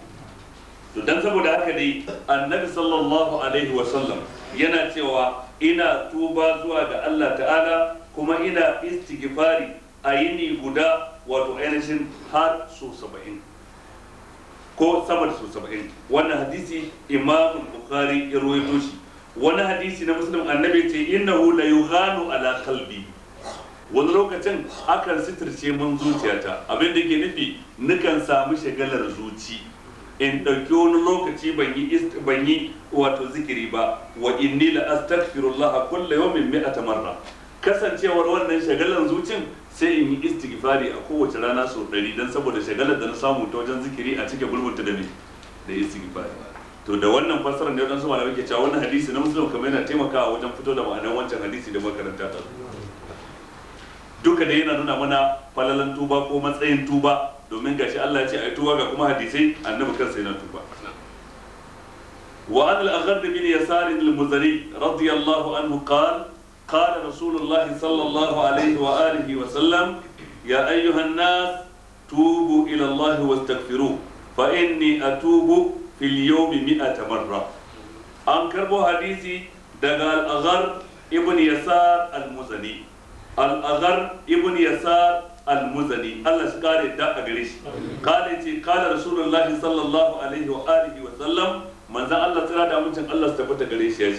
to dan saboda haka dai annabi sallallahu alaihi wa sallam yana cewa ina tuba zuwa ga Allah ta'ala kuma ina istighfari a yini guda wato ainihin har su saba'in ko sama da su saba'in wannan hadisi imam bukhari ya rawaito shi wani hadisi na muslim annabi ce innahu la yughanu ala qalbi wani lokacin akan sitirce man zuciyata abin da ke nufi nukan samu shagalar zuci in ɗauki wani lokaci ban yi wato zikiri ba wa inni la astaghfirullah kulla yawmin mi'ata marra kasancewar wannan shagalan zucin sai in yi istighfari a kowace rana sau ɗari don saboda shagalar da na samu ta wajen zikiri a cike gulbunta da me da istighfari to da wannan fassarar ne wadansu malamai ke cewa wannan hadisi na musulun kamar yana taimakawa wajen fito da ma'anar wancan hadisi da makaranta ta duka da yana nuna mana falalan tuba ko matsayin tuba domin gashi Allah ya ce ayi tuba ga kuma hadisai annabi kansa yana tuba wa an al-aghrad bin yasar al-muzani radiyallahu anhu qala قال رسول الله صلى الله عليه وآله وسلم يا أيها الناس توبوا إلى الله واستغفروه فإني أتوب في اليوم مئة مرة أنكر حديثي دقال الأغر ابن يسار المزني الأغر ابن يسار المزني الله شكاري دا أغريش قال قال رسول الله صلى الله عليه وآله وسلم من ذا الله ترى دا الله ستبت أغريش يا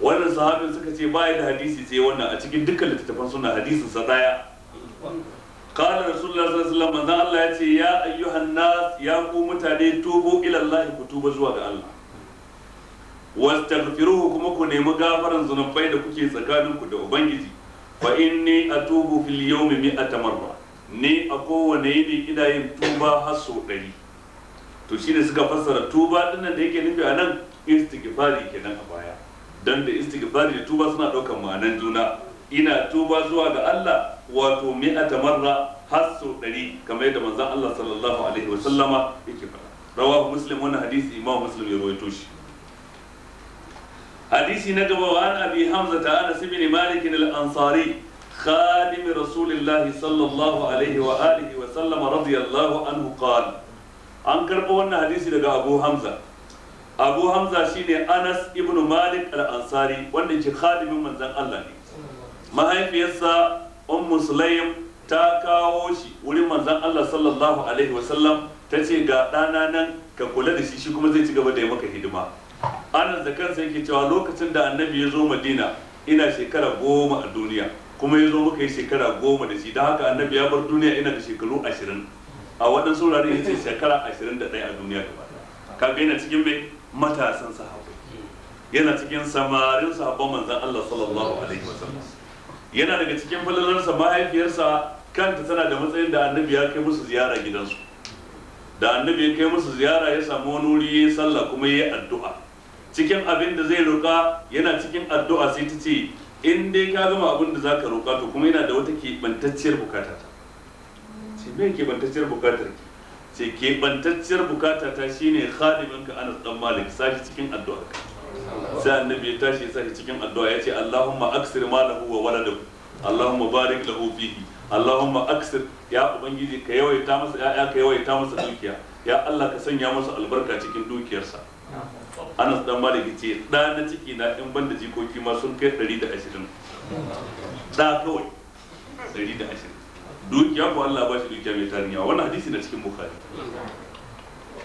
wannan sahabin suka ce ba da hadisi sai wannan a cikin dukkan littattafan suna hadisin sa daya qala rasulullah sallallahu alaihi wasallam dan Allah ya ce ya ayyuhan nas ya ku mutane tubu ila Allah ku tuba zuwa ga Allah wastaghfiruhu kuma ku nemi gafaran zunubai da kuke tsakanin ku da ubangiji fa inni atubu fil yawmi mi'ata marra ni a kowane yini ina yin tuba har sau ɗari to shi shine suka fassara tuba dinnan da yake nufi a nan istighfari kenan a baya dan da istighfari da tuba suna daukan ma'anan juna ina tuba zuwa ga Allah wato mi'ata marra har sau ɗari kamar yadda manzon Allah sallallahu alaihi wa sallama yake faɗa rawahu muslim wannan hadisi imam muslim ya rawaito shi حديثي نجم وعن أبي حمزة أنس بن مالك الأنصاري خادم رسول الله صلى الله عليه وآله وسلم رضي الله عنه قال أنكر قولنا حديثي لقى أبو حمزة abu hamza shine anas ibnu malik al-ansari wanda ke khadimin manzon Allah ne mahaifiyarsa ummu sulaim ta kawo shi wurin manzon Allah sallallahu alaihi wasallam ta ce ga ɗana nan ka kula da shi shi kuma zai ci gaba da yi maka hidima anas da kansa yake cewa lokacin da annabi ya zo madina ina shekara goma a duniya kuma ya zo muka yi shekara goma da shi don haka annabi ya bar duniya ina da shekaru ashirin a waɗansu wurare ya ce shekara ashirin da ɗaya a duniya gaba kaga yana cikin mai matasan sahabbai yana cikin samarin sahabban manzon Allah sallallahu alaihi wa sallam yana daga cikin falalarsa mahaifiyarsa kanta tana da matsayin da annabi ya kai musu ziyara gidansu da annabi ya kai musu ziyara ya samu wani wuri ya sallah kuma ya addu'a cikin abin da zai roƙa yana cikin addu'a sai ta ce in dai ka gama abin da zaka roƙa to kuma yana da wata kibantacciyar bukata ta ce me bantacciyar bukatar ki ce keɓantacciyar bukata ta shine khadimin ka anas dan malik sashi cikin addu'a sai annabi ya tashi ya sashi cikin addu'a ya ce allahumma aksir malahu wa waladahu allahumma barik lahu fihi allahumma aksir ya ubangiji ka yawaita masa ya'ya ka yawaita masa dukiya ya allah ka sanya masa albarka cikin dukiyarsa anas dan malik ce da na ciki na in banda jikoki ma sun kai 120 da kawai 120 dukiya ko Allah ba shi dukiya mai tarin yawa wannan hadisi na cikin bukhari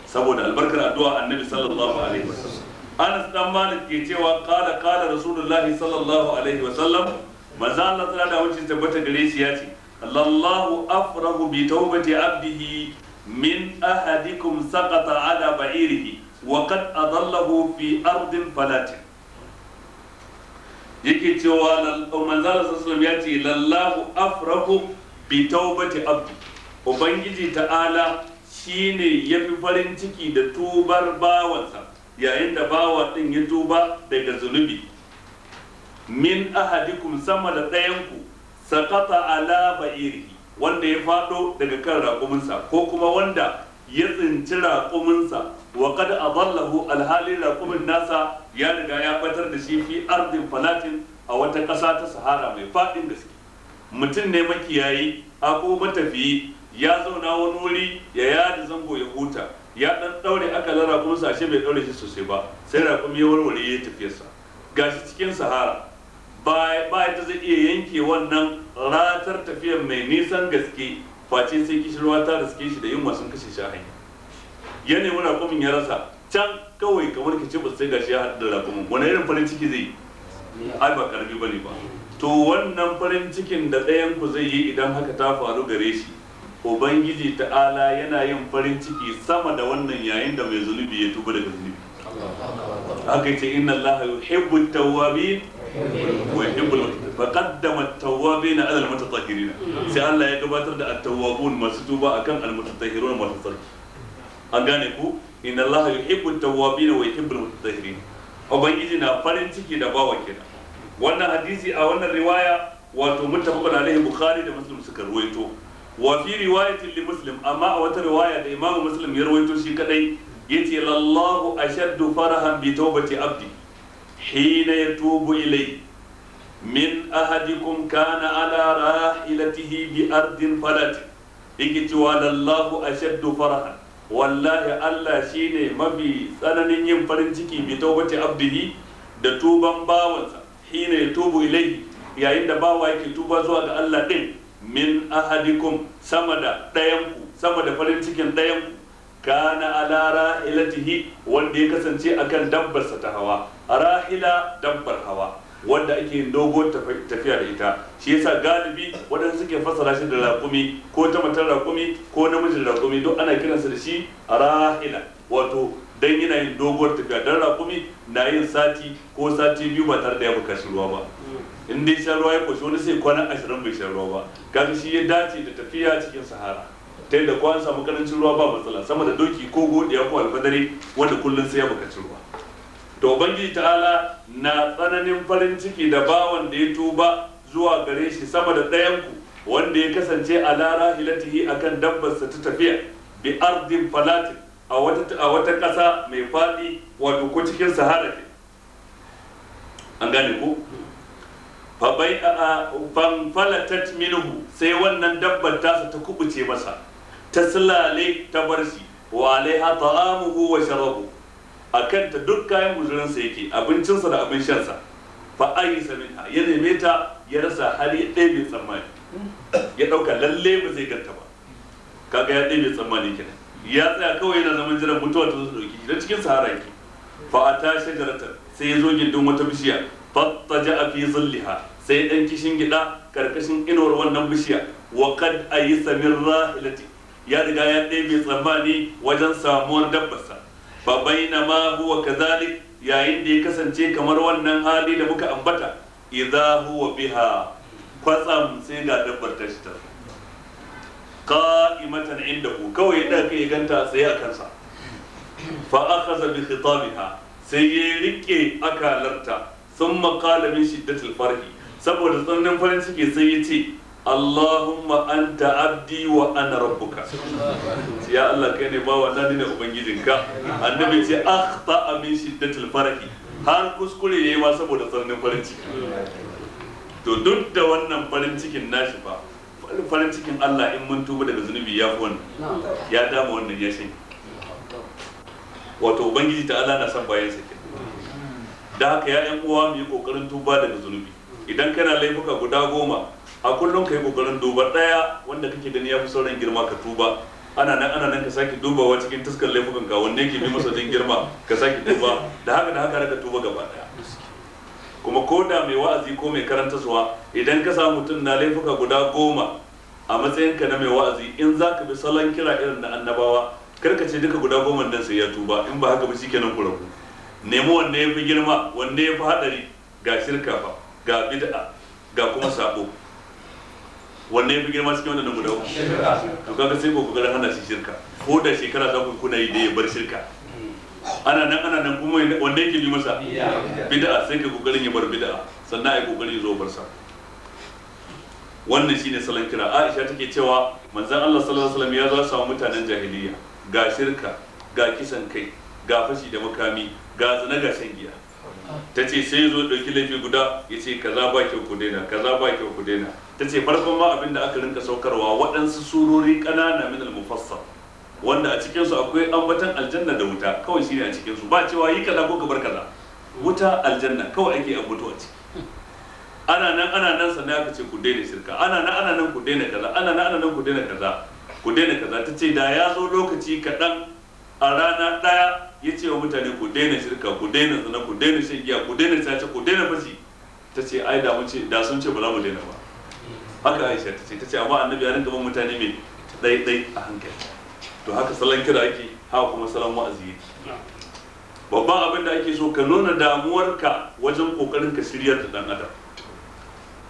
saboda albarkar addu'a annabi sallallahu alaihi wasallam Anas dan Malik ke cewa qala qala rasulullahi sallallahu alaihi wasallam manzo Allah tsara da wancin tabbata gare shi ya ce Allahu afrahu bi tawbati abdihi min ahadikum saqata ala ba'irihi wa qad adallahu fi ardin falatin yake cewa manzo Allah sallallahu alaihi wasallam ya ce lallahu afrahu bi ta abdi ubangiji ta'ala shi ne ya fi farin ciki da tubar bawansa yayin da bawa ɗin ya tuba daga zunubi min ahadikum sama da ɗayanku sakata ala iri wanda ya faɗo daga kan raƙuminsa ko kuma wanda ya tsinci raƙuminsa wa kad adallahu alhali raƙumin nasa ya riga ya batar da shi fi ardin falatin a wata ƙasa ta sahara mai faɗin gaske mutum ne makiyayi a ko matafiyi ya zauna wani wuri ya yada zango ya huta ya dan daure aka lara kuma ashe bai daure shi sosai ba sai kuma ya warware ya tafiyarsa gashi cikin sahara ba ba ta zai iya yanke wannan ratar tafiyar mai nisan gaske face sai kishirwa ta riske shi da yunwa sun kashe shi a hanya ya nemi rakumin ya rasa can kawai kamar ki ce ba sai gashi ya haɗu da rakumin wani irin farin ciki zai yi ai ba karami bane ba to wannan farin cikin da ɗayan ku zai yi idan haka ta faru gare shi ubangiji ta'ala yana yin farin ciki sama da wannan yayin da mai zunubi ya tuba daga zunubi haka ce inna Allah ya hibbu tawwabin wa hibbu fa qaddama at-tawwabin ala al-mutatahhirin sai Allah ya gabatar da at-tawwabun masu tuba akan al-mutatahhirun masu tsarki an gane ku inna Allah ya hibbu tawwabin wa hibbu al-mutatahhirin ubangiji na farin ciki da bawa kenan wannan hadisi a wannan riwaya wato muttafaqun alaihi bukhari da muslim suka ruwaito wa fi riwayatin li muslim amma a wata riwaya da imamu muslim ya ruwaito shi kadai yace lallahu ashaddu farahan bi tawbati abdi hina yatubu ilai min ahadikum kana ala rahilatihi bi ardin falat yake wa lallahu ashaddu farahan wallahi Allah shine mafi tsananin yin farin ciki bi tawbati abdihi da tuban bawansa hina tubu ilai yayin da bawa yake tuba zuwa ga Allah din min ahadikum sama da ɗayanku sama da farin cikin ɗayanku kana ala rahilatihi wanda ya kasance a kan dabbarsa ta hawa rahila dabbar hawa wanda ake yin dogon tafiya da ita shi yasa galibi wadanda suke fassara shi da raƙumi ko ta matar raƙumi ko namijin raƙumi duk ana kiransa da shi rahila wato dan yana yin doguwar tafiya dan rakumi na yin sati ko sati biyu ba tare da ya buƙaci ruwa ba in dai shan ruwa ya koshi wani sai kwana ashirin bai shan ruwa ba kaga shi ya dace da tafiya cikin sahara ta yadda kwan samu karancin ruwa ba matsala sama da doki ko godiya ko alfadari wanda kullum sai ya buƙaci ruwa to ubangiji ta'ala na tsananin farin ciki da bawan da ya tuba zuwa gare shi sama da ku wanda ya kasance a lara hilatihi akan dabbarsa ta tafiya bi ardin falatin a wata ƙasa mai faɗi wato ko cikin sahara ke an gane ku fabai a fanfalatat minhu sai wannan dabbar tasa ta kubuce masa ta silale ta bar shi wa alaiha ta'amuhu wa sharabu a kanta duk kayan sa yake abincinsa da abin sa fa ayi saminha ya neme ta ya rasa hali ɗaya bai tsammani ya ɗauka lalle ba zai ganta ba kaga ya ɗaya bai tsammani kenan ya tsaya kawai yana zaman jiran mutuwa ta zo dauki dan cikin sahara yake fa ata sai ya zo gindin wata bishiya fattaja fi zillaha sai dan kishin gida karkashin inuwar wannan bishiya wa qad ayisa min rahilati ya riga ya mai tsammani wajen samuwar dabbarsa fa bainama huwa kadhalik yayin da ya kasance kamar wannan hali da muka ambata idza huwa biha kwatsam sai ga dabbar ta shi qa'imatan indahu kawai da kai ganta tsaye a kansa fa akhadha bi khitabiha sai ya rike akalarta thumma qala min shiddatil farhi saboda tsananin farin ciki sai ya ce Allahumma anta abdi wa ana rabbuka ya Allah kai ne bawa na ne ubangijinka annabi ce akhta min shiddatil farhi har kuskure yayi ma saboda tsananin farin ciki to duk da wannan farin cikin nashi fa farin cikin Allah in mun tuba daga zunubi ya fi wannan ya dama wannan ya shi wato ubangiji ta Allah na san bayan sa da haka ya yan uwa mu yi kokarin tuba daga zunubi idan kana laifuka guda goma a kullum ka yi kokarin duba daya wanda kake gani ya fi sauran girma ka tuba ana nan ana nan ka sake wa cikin tuskar laifukan ka wanne ke bi masa jin girma ka sake duba da haka da haka ka tuba gaba daya kuma ko da mai wa'azi ko mai karanta suwa idan ka samu mutum na laifuka guda goma a matsayinka na mai wa'azi in za ka bi salon kira irin na annabawa kar ka ce duka guda goma nan sai ya tuba in ba haka ba shikenan ku rabu nemi wanda ya fi girma wanda ya fi hadari ga shirka fa ga bid'a ga kuma sabo wanda ya fi girma cikin wannan guda uku to kaga sai ku ga hana shi shirka ko da shekara za ku kuna yi da ya bar shirka ana nan ana nan kuma wanda yake bi masa bid'a sai ka kokarin ya bar bid'a sannan ai kokarin zo bar sa wannan shine salon kira Aisha take cewa manzon Allah sallallahu alaihi wasallam ya zo samu mutanen jahiliya ga shirka ga kisan kai ga fashi da makami ga zina ga shan giya ta ce sai zo ɗauki laifi guda ya ce kaza ba kyau ku daina kaza ba kyau ku daina ta ce farkon ma abin aka rinka saukarwa waɗansu surori ƙanana min al-mufassal wanda a cikin su akwai ambatan aljanna da wuta kawai shine a cikin su ba cewa yi kaza ko kabar kaza wuta aljanna kawai ake ambato a ciki ana nan ana nan sannan aka ce ku daina shirka ana nan ana nan ku daina kaza ana nan ana nan ku daina kaza ku daina kaza ta ce da ya zo lokaci kaɗan a rana ɗaya ya ce wa mutane ku daina shirka ku daina zina ku daina shan giya ku daina sace ku daina fashi ta ce ai da mun ce da sun ce ba za mu daina ba haka aisha ta ce ta ce amma annabi ya rinka ban mutane mai ɗaiɗai a hankali to haka salon kira ake haka kuma salon wa'azi yake babban abin da ake so ka nuna damuwarka wajen kokarin ka shiryar da dan adam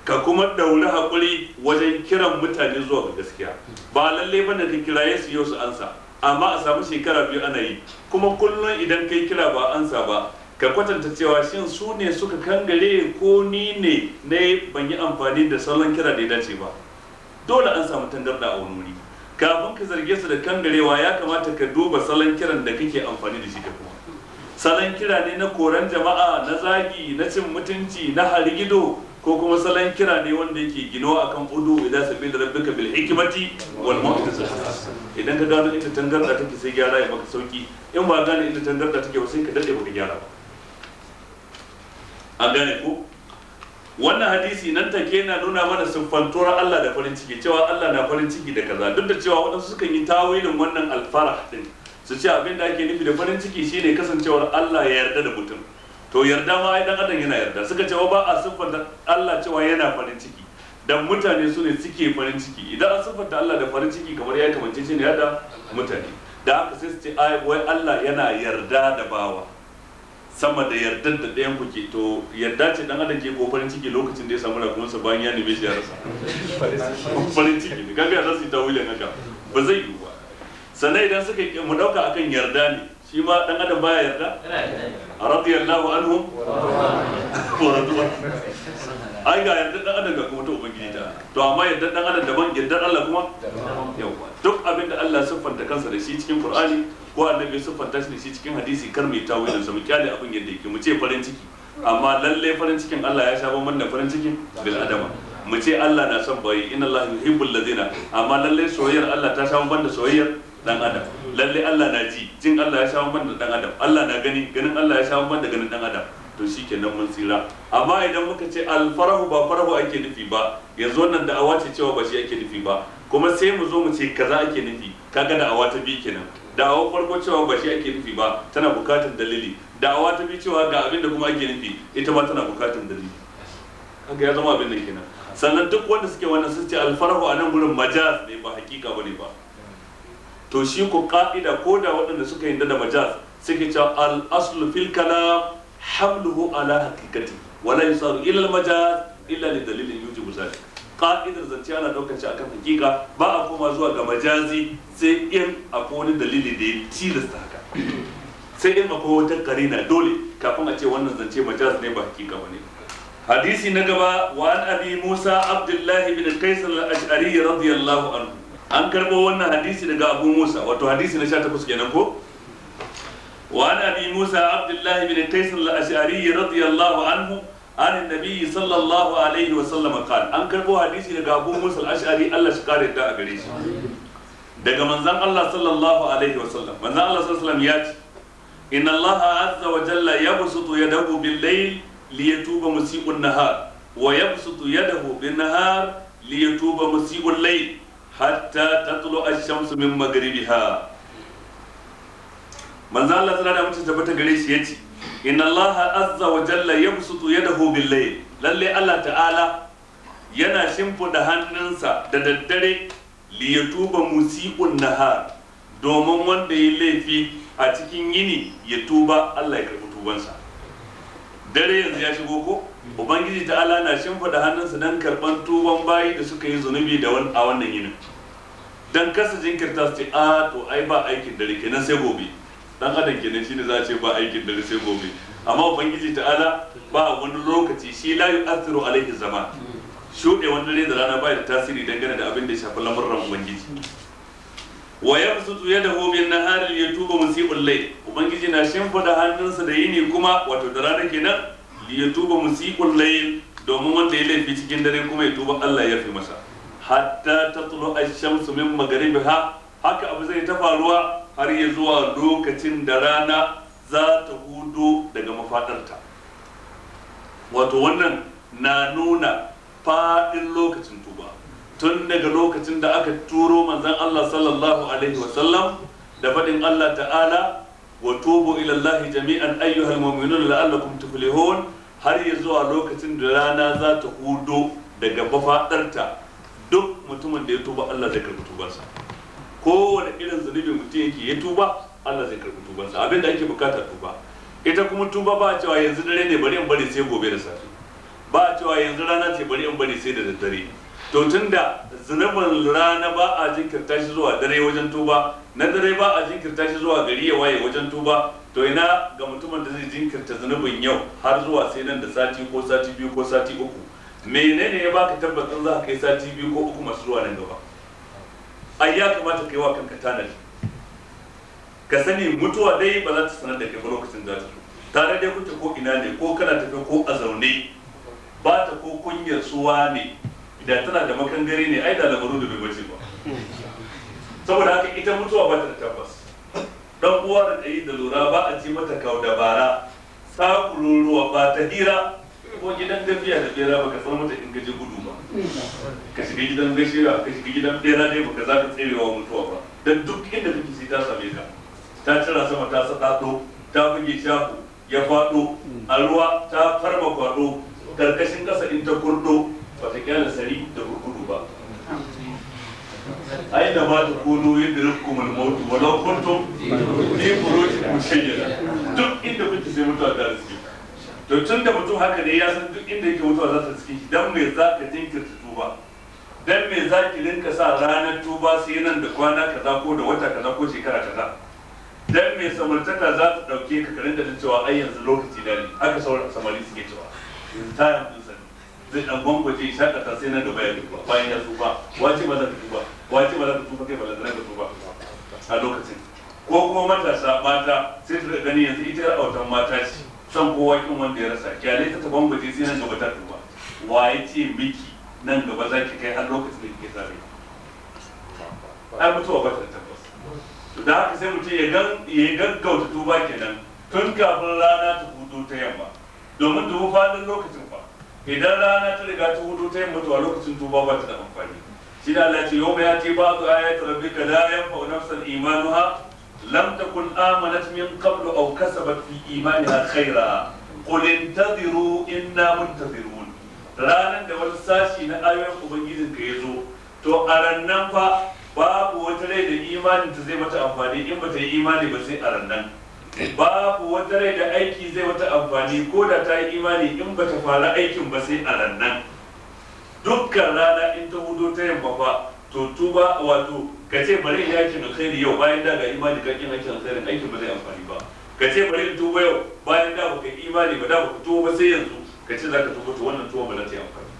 ka kuma dauri haƙuri wajen kiran mutane zuwa ga gaskiya ba lalle ba da ka ya siyo su ansa amma a samu shekara biyu ana yi kuma kullum idan kai kira ba ansa ba ka kwatanta cewa shin su ne suka kangare ko ni ne na ban yi amfani da salon kira da ya dace ba dole an samu tangarda a wani wuri kafin ka zarge su da garewa ya kamata ka duba salon kiran da kake amfani da shi ka kuma salon kira ne na koran jama'a na zagi na cin mutunci na harigido ko kuma salon kira ne wanda yake ginawa akan udu idza da rabbika bil hikmati wal mau'izati idan ka gano ita tangarda take sai gyara ya maka sauki in ba gane ita tangarda take ba sai ka dade ka gyara ba a gane ko wannan hadisi nan take yana nuna mana siffantuwar Allah da farin ciki cewa Allah na farin ciki da kaza duk da cewa waɗansu sukan yi tawilin wannan alfarah din su ce abin da ake nufi da farin ciki shine kasancewar Allah ya yarda da mutum to yarda ma ai dan adam yana yarda suka cewa ba a siffanta Allah cewa yana farin ciki dan mutane su ne suke farin ciki idan an siffanta Allah da farin ciki kamar ya kamance shi ne da mutane da haka sai su ce ai wai Allah yana yarda da bawa sama da yardar da ɗayan ku ke to yarda ce dan adam ke ko farin ciki lokacin da ya samu sa bayan ya nemi shi ya rasa farin ciki ne kaga za su yi tawilin haka ba zai yiwu ba sannan idan suka mu dauka akan yarda ne shi ma dan adam baya yarda radiyallahu anhum wa radwan ai ga yarda dan adam ga kuma ta ubangiji ta to amma yarda dan adam daban yarda Allah kuma yawa duk abin da Allah siffanta kansa da shi cikin Qur'ani ko annabi siffanta shi da shi cikin hadisi kar mai tawilin sa mu kyale abin yadda yake mu ce farin ciki amma lalle farin cikin Allah ya sha bamban da farin cikin bil adama mu ce Allah na son bayi inna Allah yuhibbul ladina amma lalle soyayyar Allah ta sha bamban da soyayyar dan adam lalle Allah na ji jin Allah ya shawo banda dan adam Allah na gani ganin Allah ya shawo banda ganin dan adam to shikenan mun tsira amma idan muka ce alfarahu ba farahu ake nufi ba yanzu wannan da awace cewa ba shi ake nufi ba kuma sai mu zo mu ce kaza ake nufi kaga da awata bi kenan da awa farko cewa ba shi ake nufi ba tana bukatar dalili da awa ta bi cewa ga abin da kuma ake nufi ita ma tana bukatar dalili kaga ya zama abin nan kenan sannan duk wanda suke wannan sun ce alfarahu a nan gurin majaz ne ba hakika bane ba to shi ku ka'ida ko da waɗanda suka yi da majaz suke cewa al aslu fil kalam hamluhu ala haqiqati la yusaru ila al majaz illa li dalilin yujibu zalik ka'idar zance ana daukar shi akan hakika ba a koma zuwa ga majazi sai in akwai wani dalili da ya tilasta haka sai in akwai wata karina dole kafin a ce wannan zance majaz ne ba hakika bane hadisi na gaba wa an abi musa abdullahi bin kaisar al-ash'ari radiyallahu anhu an karbo wannan hadisi daga abu musa wato hadisi na 18 kenan ko وعن ابي موسى عبد الله بن قيس الاشعري رضي الله عنه عن النبي sallallahu alaihi wa وسلم قال An كربو hadisi daga Abu Musa al-Ash'ari Allah shi kare da a gare shi daga manzon Allah sallallahu alaihi sallam. manzon Allah sallallahu alaihi ya ce inna Allah azza wa jalla yabsutu yadahu bil-layl liyatuba musii'un nahar wa yabsutu yadahu bin hatta tatlu ash-shamsu min maghribiha manzo Allah tsara da mutum tabbata gare shi yace inna Allah azza wa jalla yabsutu yadahu bil layl lalle Allah ta'ala yana shimfida hannunsa da daddare li yatuba musiqun nahar domin wanda ya laifi a cikin yini ya tuba Allah ya karbi tubansa dare yanzu ya shigo ko ubangiji Ala na shimfada hannunsa don karɓar tuban bayi da suka yi zunubi da a wannan yinin don kasa jinkirta su ce a to ai ba aikin dare kenan sai gobe dan adam kenan ne za ce ba aikin dare sai gobe amma ubangiji Ala ba wani lokaci shi la a alaihi zama. shuɗe wani dare da rana bai da tasiri dangane da abin da shafi lamurran ubangiji wa da gobe na min ya tuba musibin lai ubangiji na shimfida hannunsa da yini kuma wato da rana kenan ya tuba musiqul layl domin wanda ya laifi cikin dare kuma ya tuba Allah ya fi masa hatta tatlu ash-shamsu min magharibiha haka abu zai ta faruwa har ya zuwa lokacin da rana za ta hudu daga mafadarta wato wannan na nuna faɗin lokacin tuba tun daga lokacin da aka turo manzon Allah sallallahu alaihi wasallam da faɗin Allah ta'ala wa tubu ila jami'an ayyuhal mu'minun la'allakum tuflihun har ya zuwa lokacin da rana za ta hudo daga mafadarta duk mutumin da ya tuba Allah zai karbi tubansa kowane irin zunubi mutum yake ya tuba Allah zai karbi tubansa abin da ake bukata tuba ita kuma tuba ba cewa yanzu dare ne bari in bari sai gobe da safe ba cewa yanzu rana ce bari in bari sai da daddare to tunda zunubin rana ba a jinkirta shi zuwa dare wajen tuba na dare ba a jinkirta shi zuwa gari ya waye wajen tuba to ina ga mutumin da zai jinkirta zunubin yau har zuwa sai nan da sati ko sati biyu ko sati uku menene ya baka tabbatin za ka kai sati biyu ko uku masu zuwa nan gaba ai ya kamata kai wa kanka tanadi ka sani mutuwa dai ba za ta sanar da kai ba lokacin da ta tare dai kuke ko ina ne ko kana tafi ko a zaune ba ta ko kunyar suwa ne da tana da makangare ne ai da lamarin da bai bace ba saboda haka ita mutuwa ba ta tabbas dan uwa da dai da lura ba a ci mata kau dabara ta kururuwa ba ta hira ko gidan tafiya da bera baka san mata in gaji gudu ba ka shiga gidan gashira ka shiga gidan bera ne baka za ka tserewa mutuwa ba dan duk inda kake sai ta same ka ta cira sama ta sadado ta buge shafu ya faɗo a ruwa ta farma kwado karkashin ƙasa in ta kurdo ba ta kyala sari da kurkudu ba aina ma ta kono yadda rufkum al-maut walau kuntum fi burujin mushayyada duk inda kuke sai mutuwa ta riski to tun da mutum haka ne ya san duk inda yake mutuwa za ta riski shi dan me za ka jinkirta tuba dan me za ki rinka sa ranar tuba sai nan da kwana kaza ko da wata kaza ko shekara kaza dan me samartaka za ta dauke ka ka rinka cewa ai yanzu lokaci dani haka sauran samari suke cewa ta yanzu zai dan gwangwace shakata sai nan gaba ya duba bayan ya tsufa wace ba za ta tsufa wace ba za ta tsufa kai ba za ta tsufa a lokacin ko kuma matasa mata sai ta gani yanzu ita yar autan mata ce son kowa kin wanda ya rasa kyale ta ta gwangwace sai nan gaba ta duba waye ce miki nan gaba za ki kai har lokacin da kike zabe ai mutuwa ba ta tabbas to da haka sai mutum ya ya gaggauta tuba kenan tun kafin rana ta hudu ta yamma domin dubu faɗin lokacin idan rana ta riga ta hudu ta yi mutuwa lokacin tuba ba ta da amfani shi da Allah ce yau ya ce ba su ayat rabbika la yanfa'u nafsan imanuha lam takun amanat min qablu aw kasabat fi imaniha khaira qul intaziru inna muntazirun ranan da wani sashi na ayoyin ubangijin ka yazo to a rannan fa babu wata rai da imanin ta zai mata amfani in bata yi imani ba sai a rannan babu wata rai da aiki zai wata amfani ko da ta yi imani in ba ta fara aikin ba sai a rannan dukkan rana in ta hudo ta yamma fa to tuba wato ka ce bari in yakin alkhairi yau bayan da ga imani ka kin yakin alkhairi aikin ba zai amfani ba ka ce bari in tuba yau bayan da baka imani ba da ba tuba ba sai yanzu ka ce zaka tuba to wannan tuba ba za ta yi amfani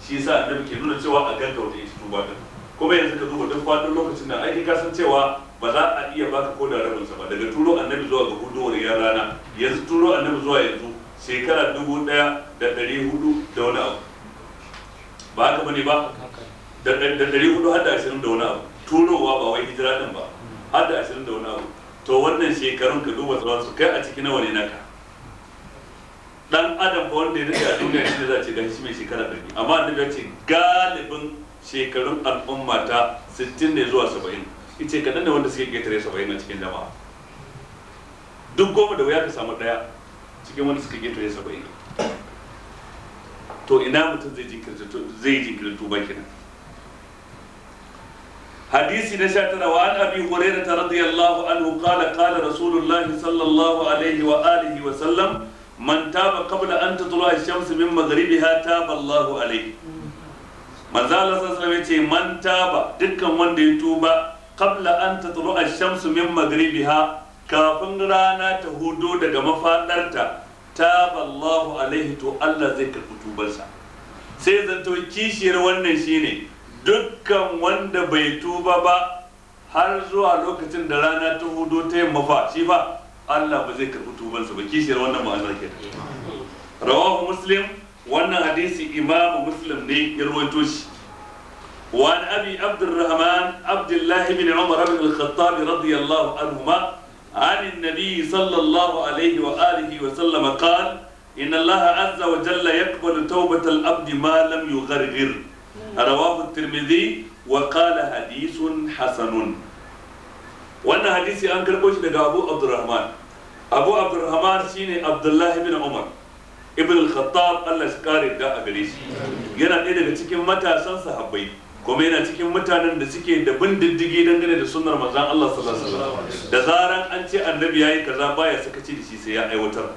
shi yasa annabi ke nuna cewa a gaggauta ita tuba din kuma yanzu ka duba duk faɗin lokacin da ai ka san cewa ba za a iya baka ko da rabin sa ba daga turo annabi zuwa ga hudu wani yan rana yanzu turo annabi zuwa yanzu shekara dubu ɗaya da dari hudu da wani abu ba haka bane ba da dari hudu har da ashirin da wani abu turowa ba wai hijira din ba har da ashirin da wani abu to wannan shekarun ka duba zuwa su kai a ciki nawa ne naka dan adam ba wanda ya dace a duniya shi ne za a ce shi mai shekara ɗari amma annabi ya ce galibin shekarun al'umma ta 60 ne zuwa 70 ice kaɗan ne wanda suke ketare 70 a cikin jama'a duk goma da wuya ka samu ɗaya cikin wanda suke ketare 70 to ina mutum zai jinkirin tuba kenan sha tara وعن abi hurairah رضي anhu عنه قال rasulullah sallallahu alaihi wa alihi wa sallam man taba qabla an أن ash-shams min maghribiha taba Allahu alayhi manzo Allah sallallahu alaihi wasallam man taba dukkan wanda ya tuba qabla an tatlu ash-shamsu min maghribiha kafin rana ta hudo daga mafadarta taba Allahu alaihi to Allah zai karbi tubarsa sai zanto kishiyar wannan shine dukkan wanda bai tuba ba har zuwa lokacin da rana ta hudo ta yamma mafa shi ba Allah ba zai karbi tubansa ba kishiyar wannan ma'anar kenan rawahu muslim wannan hadisi imamu muslim ne ya rawaito shi وعن أبي عبد الرحمن عبد الله بن عمر بن الخطاب رضي الله عنهما عن النبي صلى الله عليه وآله وسلم قال إن الله عز وجل يقبل توبة العبد ما لم يغرغر رواه الترمذي وقال حديث حسن wannan hadisi an karɓo shi daga abu abdurrahman abu abdurrahman shine abdullahi bin umar ibn al-khattab Allah shi kare da a gare shi yana ɗaya daga cikin matasan sahabbai kuma yana cikin mutanen da suke da bin diddigi dangane da sunnar manzon Allah sallallahu alaihi wasallam da zaran an ce annabi yayi kaza baya sakaci da shi sai ya aiwatar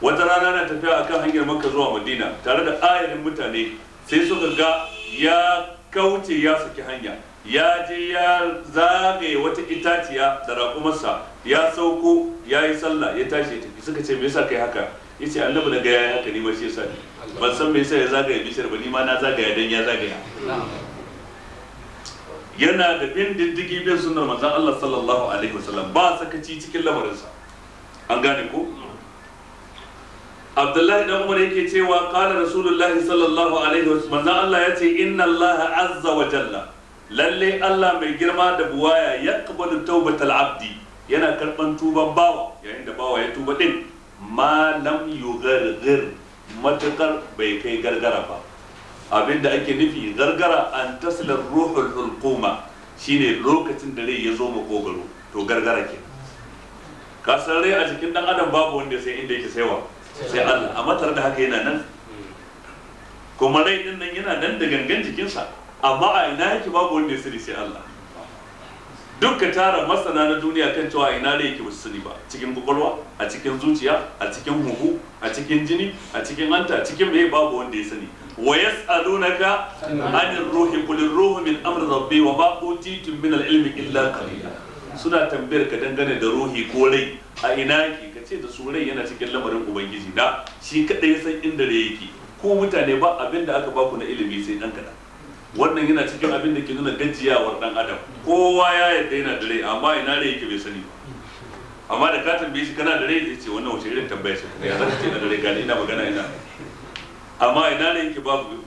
wata rana na tafiya akan hanyar makka zuwa madina tare da ayarin mutane sai suka ga ya kauce ya saki hanya ya je ya zagaye wata itaciya da raƙumarsa ya sauko ya yi sallah ya tashi ya tafi suka ce me yasa kai haka yace annabi na gaya haka ni ma shi yasa ban san me yasa ya zagaya bishiyar ba ni ma na zagaya dan ya zagaya yana da bin diddigi bin sunnar manzon Allah sallallahu alaihi wasallam ba sakaci cikin lamarinsa an gane ko Abdullahi dan Umar yake cewa qala Rasulullahi sallallahu alaihi wasallam manzon Allah yace inna Allah azza wa jalla lalle Allah mai girma da buwaya yaqbalu taubatal abdi yana karban tuban bawa yayin da bawa ya tuba din ma lam yugargir matukar bai kai gargara ba abinda ake nufi gargara an taslar ruhul hulquma shine lokacin da rai ya zo makogaro to gargara ke kasar rai a cikin dan adam babu wanda sai inda yake saiwa sai Allah amma tare da haka yana nan kuma rai din nan yana nan da gangan jikinsa amma a ina yake babu wanda sai Allah dukka tara masana na duniya kan cewa ina da yake wasu sani ba cikin kwakwalwa a cikin zuciya a cikin huhu a cikin jini a cikin hanta cikin mai babu wanda ya sani wa yas'alunaka anir ruhi qul ruhu min amri rabbi wa ma utitum min al-ilmi illa qalila suna tambayar ka dangane da ruhi ko rai a ina yake ka ce da su rai yana cikin lamarin ubangiji na shi kadai ya san inda rai yake ko mutane ba abinda aka baku na ilimi sai dan kadan wannan yana cikin abin da ke nuna gajiyawar dan adam kowa ya yadda yana da rai amma ina rai yake bai sani ba amma da ka tambaye shi kana da rai zai ce wannan wace irin tambaya ce ya zaka ce na da rai gani ina magana ina amma ina rai yake babu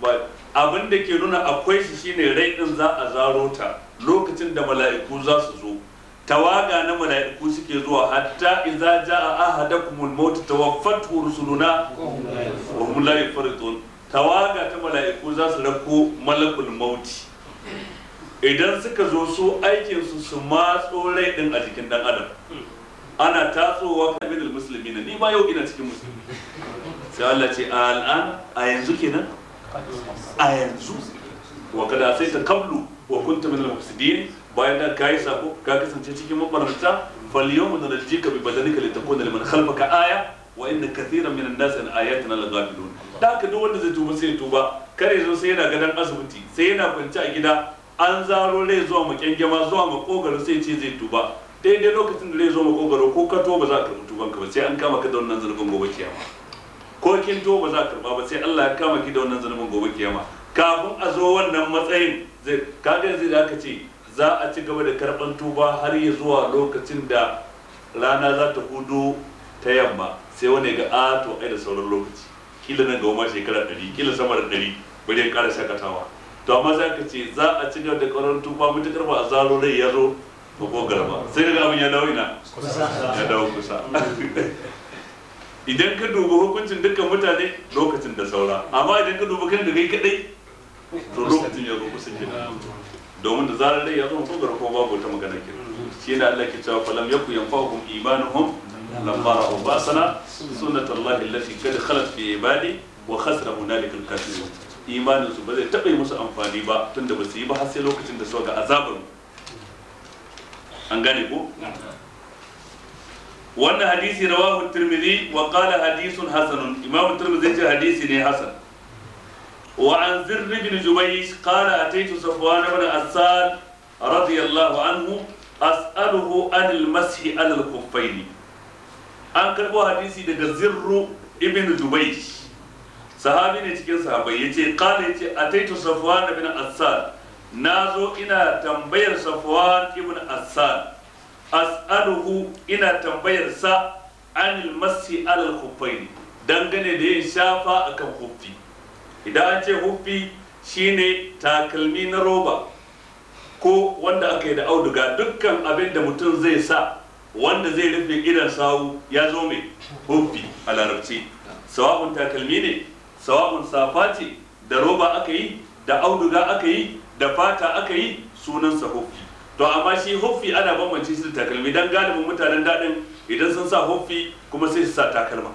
abin da ke nuna akwai shi shine rai din za a zaro ta lokacin da mala'iku za su zo tawaga na mala'iku suke zuwa hatta idza jaa ahadakumul maut tawaffathu rusuluna wa hum la yafarritun tawaga ta mala'iku za su rako malakul mauti idan suka zo su aikinsu su matso rai din a jikin dan adam ana tatsowa kabilul musulmi na ni ma yau ina cikin musulmi sai Allah ce al'an a yanzu kenan a yanzu wa kada sai ta kablu wa kunta min al-mufsidin bayan da kai sako ka kasance cikin mabarata fal yawma nadjika bi badanika litakuna liman khalfaka aya wa inna kathiran minan nas an ayatina laghabilun da haka duk wanda zai tuba sai tuba kare zo sai yana gadan asibiti sai yana kwance a gida an zaro rai zuwa kengema zuwa makogaro sai ce zai tuba daidai lokacin da rai zo makogaro ko ka ba za ka karɓi tuban ka ba sai an kama ka da wannan zanubin gobe kiyama ko kin tuba ba za ka karɓa ba sai Allah ya kama ki da wannan zanubin gobe kiyama kafin a zo wannan matsayin zai kaga yanzu da aka ce za a ci gaba da karban tuba har ya zuwa lokacin da rana za ta hudu ta yamma sai wani ga a ah, to ai da sauran lokaci kila nan ga ma shekara ɗari kila sama da ɗari bari ya ƙara shakatawa to amma za ka ce za a ci gaba da ƙwarar tuba matuƙar ba a zaro rai ya zo ba ko garba sai daga abin ya dawo ina ya dawo kusa *laughs* idan ka duba hukuncin dukkan mutane lokacin da saura amma idan ka duba kan da kai kadai to lokacin ya zo kusa kenan domin da zarar rai ya zo ko garba babu ta magana kenan shi ne Allah ke cewa falam yakun yanfa'uhum imanuhum لما رأوا سنة الله التي قد خلت في عبادي وخسر هنالك yi musu amfani ba tunda ba yi ba lokacin da suka wannan hadisi rawahu tirmidhi wa qala imam tirmidhi hadisi ne hasan wa an zirr ibn jubaysh qala ataitu safwan anhu ala an karbo hadisi daga zirru ibn dubai sahabi ne cikin sahabai yace qala yace ataitu safwan ibn assad zo ina tambayar safwan ibn assad as'aluhu ina tambayar sa anil masi alal khuffain dangane da yin shafa akan hufi. idan an ce huffi shine takalmi na roba ko wanda aka yi da auduga dukkan abin da mutum zai sa wanda zai rufe idan sawu ya zo mai hufi a larabci sawa'un takalmi ne sawa'un safa da roba aka yi da auduga aka yi da fata aka yi sunansa huffi to amma shi hufi ana bambance su da takalmi dan galibin mutanen daɗin idan sun sa huffi kuma sai su sa takalma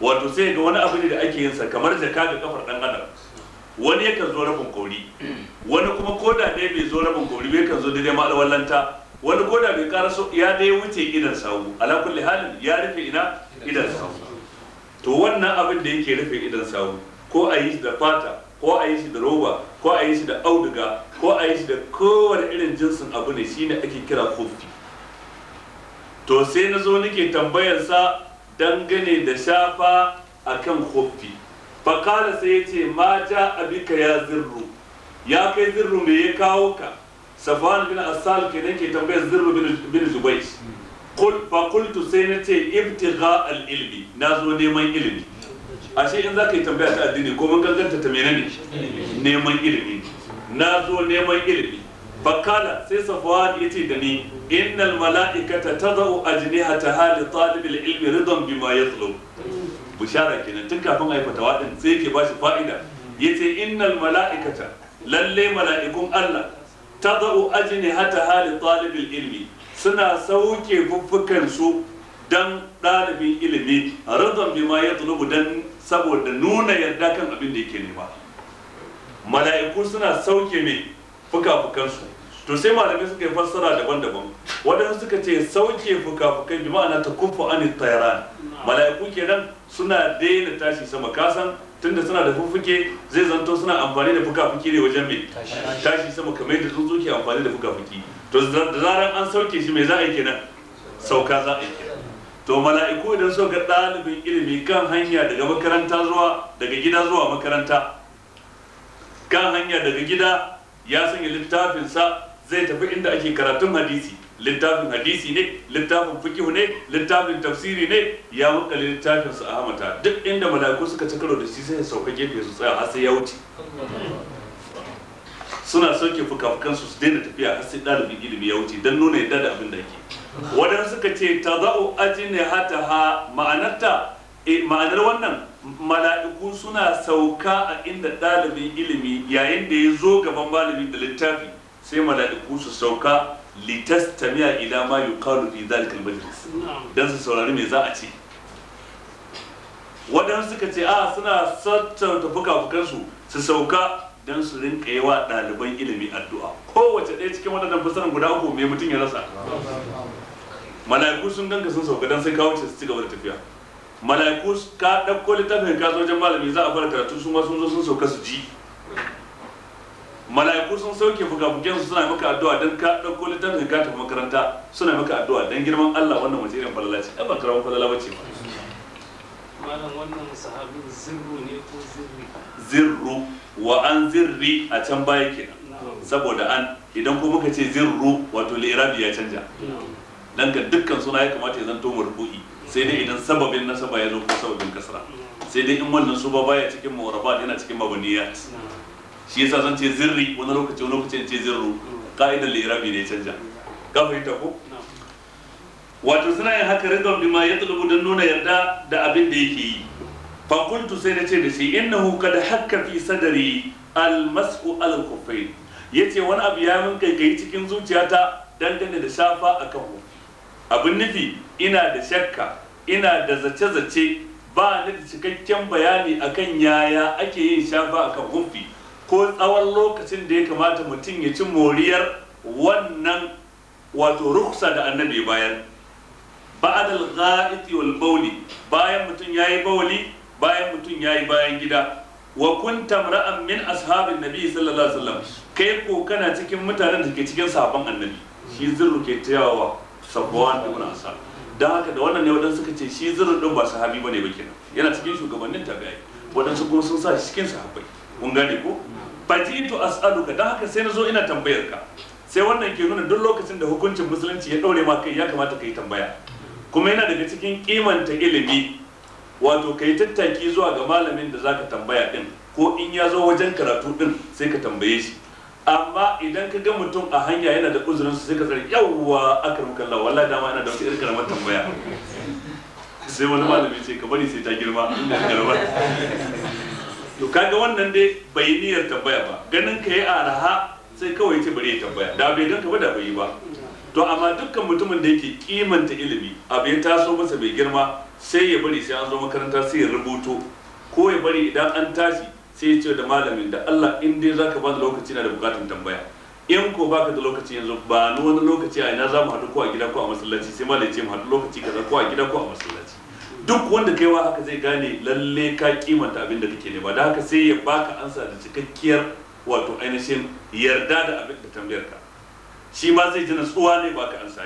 wato sai ga wani abu ne da ake yin sa kamar jaka ga kafar dan adam wani yakan zo rabin kauri wani kuma koda dai mai zo rabin kauri bai kan zo daidai ma alwallanta wani koda bai so ya dai wuce idan sawu ala kulli halin ya rufe ina idan sawu to wannan abin da yake rufe idan sawu ko a yi shi da fata ko a yi shi da roba ko a yi shi da auduga ko a yi shi da kowane irin jinsin abu ne shi shine ake kira kofi to sai na zo nake tambayarsa dangane da shafa a kan kofi fakala sai ya ce ma ja abika ya zirru ya kai zirru me ya kawo ka safwan bin asal kenan ke tambayar zirru bin zubais qul fa qultu sai na ce ibtigha al ilmi na zo neman ilimi ashe in zaka yi tambaya ta addini ko mun kankanta ta menene neman ilimi na zo neman ilimi fakala sai safwan yace da ni innal mala'ikata tadau ajnihataha li talib al ilmi ridan bima yatlub Bushara kenan tun kafin a yi fatawa din sai yake bashi fa'ida yace innal mala'ikata lalle mala'ikun Allah tadau hata hali ɗalibin ilmi suna sauke fuffukan su dan ɗalibin ilimi radon bima ya tulubu dan saboda nuna yarda kan abin da yake nema mala'iku suna sauke mai fuka-fukansu to sai malamai suka yi fassara daban-daban waɗansu suka ce sauke fuka-fukan bi ma'ana ta kufu an tayaran mala'iku kenan suna daina tashi sama kasan tunda suna da fuffuke zai zanto suna amfani da fuka-fuki ne wajen mai tashi sama kamar da tsuntsu ke amfani da fuka-fuki to da zaran an sauke shi mai za a yi kenan sauka za a yi kenan to mala'iku idan so ga ɗalibin ilimi kan hanya daga makaranta zuwa daga gida zuwa makaranta kan hanya daga gida ya sanya littafinsa zai tafi inda ake karatun hadisi littafin hadisi ne littafin fikihu ne littafin tafsiri ne ya makale littafin su ahamata duk inda malaku suka ci karo da shi sai ya sauka gefe su tsaya har sai ya wuce suna sauke fukafukan su su daina tafiya har sai ɗalibin ilimi ya wuce don nuna yadda da abin da ake wadanda suka ce ta za'u ne hata ha ma'anarta eh, ma'anar wannan mala'iku suna sauka a inda ɗalibin ilimi yayin da ya zo gaban malami da littafi sai mala'iku su sauka litastami'a ila ma yuqalu fi dhalika al-majlis dan su saurari me za a ce waɗansu suka ce a suna sassauta fuka-fukansu su sauka don su rinka yi wa ɗaliban ilimi addu'a kowace ɗaya cikin waɗannan fasaran guda uku me mutum ya rasa mala'iku sun ganka sun sauka don sai kawo su ci gaba da tafiya mala'iku ka ɗauko littafin ka zo wajen malami za a fara karatu su ma sun zo sun sauka su ji mala'iku sun sauke fukafuken su suna maka addu'a dan ka dauko littafin ka tafi makaranta suna maka addu'a dan girman Allah wannan wace irin falala ce ai ba karamin falala bace ba malam wannan sahabin zirru ne ko zirri zirru wa an zirri a can baya kenan saboda an idan ko muka ce zirru wato li'irabi ya canja dan ka dukkan suna ya kamata ya zanto marfu'i sai dai idan sababin nasaba ya zo ko sababin kasra sai dai in wannan su ba baya cikin mawarabat yana cikin mabaniyat shi yasa zan ce zirri wani lokaci wani lokaci ce zirru ka'idar lirabi ne canja ka fahimta ko wato suna yin haka rizon bima ya tulubu don nuna yarda da abin da yake yi fakultu sai na ce da shi innahu kada hakka fi sadari almasu alkufai Ya ce wani abu ya min kaikayi cikin zuciyata dangane da shafa a kan abin nufi ina da shakka ina da zace-zace ba ni da cikakken bayani akan yaya ake yin shafa akan hufi ko tsawon lokacin da ya kamata mutum ya ci moriyar wannan wato ruksa da annabi bayan ba'ad al-gha'it wal Bauli, bayan mutum yayi Bauli, bayan mutum yayi bayan gida wa kunta mar'an min ashabin nabi sallallahu alaihi wasallam kai ko kana cikin mutanen da ke cikin sahabban annabi shi zurru ke tayawa sabuwan ibn Asa. da haka da wannan ne waɗansu suka ce shi zurru din ba sahabi bane ba kenan yana cikin shugabannin tabi'ai waɗansu kuma sun sa shi cikin sahabbai kun gane ko fajitu as'aluka dan haka sai nazo ina tambayar ka sai wannan ke nuna duk lokacin da hukuncin musulunci ya daure ma kai ya kamata kai tambaya kuma yana daga cikin kimanta ilimi wato kai tattaki zuwa ga malamin da zaka tambaya din ko in ya zo wajen karatu din sai ka tambaye shi amma idan ka ga mutum a hanya yana da uzurin su sai ka tsare yawwa akar muka wallahi dama yana da wata irin karamar tambaya sai wani malami ce ka bari sai ta girma inda to kaga wannan dai bai yi niyyar tambaya ba ganin ka yi araha sai kawai ce bari ya tambaya da bai ganka ba da bai yi ba to amma dukkan mutumin da yake kimanta ilimi abu ya taso masa bai girma sai ya bari sai an zo makaranta sai ya rubuto ko ya bari idan an tashi sai ya ce da malamin da Allah in dai zaka bani lokaci na da bukatun tambaya in ko baka da lokaci yanzu ba ni wani lokaci a ina za mu haɗu ko a gida ko a masallaci sai ya ce mu haɗu lokaci kaza ko a gida ko a masallaci duk wanda kaiwa haka zai gane lalle ka kimanta abin da kake nema da haka sai ya baka ansa da cikakkiyar wato ainihin yarda da abin da tambayar ka shi ma zai ji natsuwa ne baka ansa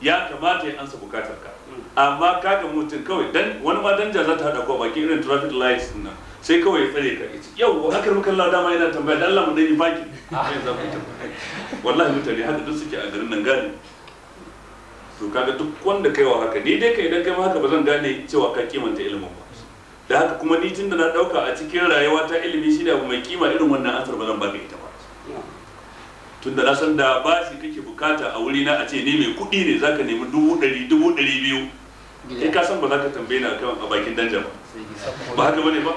ya kamata ya ansa bukatar ka amma kaga mutum kawai dan wani ma danja za ta hada ko baki irin traffic lights din nan sai kawai ya tsare ka yace yau haka muka Allah dama yana tambaya dan Allah mu dai baki ah. wallahi mutane haka duk suke a garin nan gane to kaga duk wanda wa haka ni dai ka idan kai ma haka ba zan gane cewa ka kimanta ilimin ba da haka kuma ni tun na dauka a cikin rayuwa ta ilimi shine abu mai kima irin wannan asar ba zan ita ba tun da na san da shi kake bukata a wurina a ce ni mai kuɗi ne zaka nemi dubu ɗari dubu ɗari biyu kai ka san ba za tambaye ni akan a bakin danja ba ba haka bane ba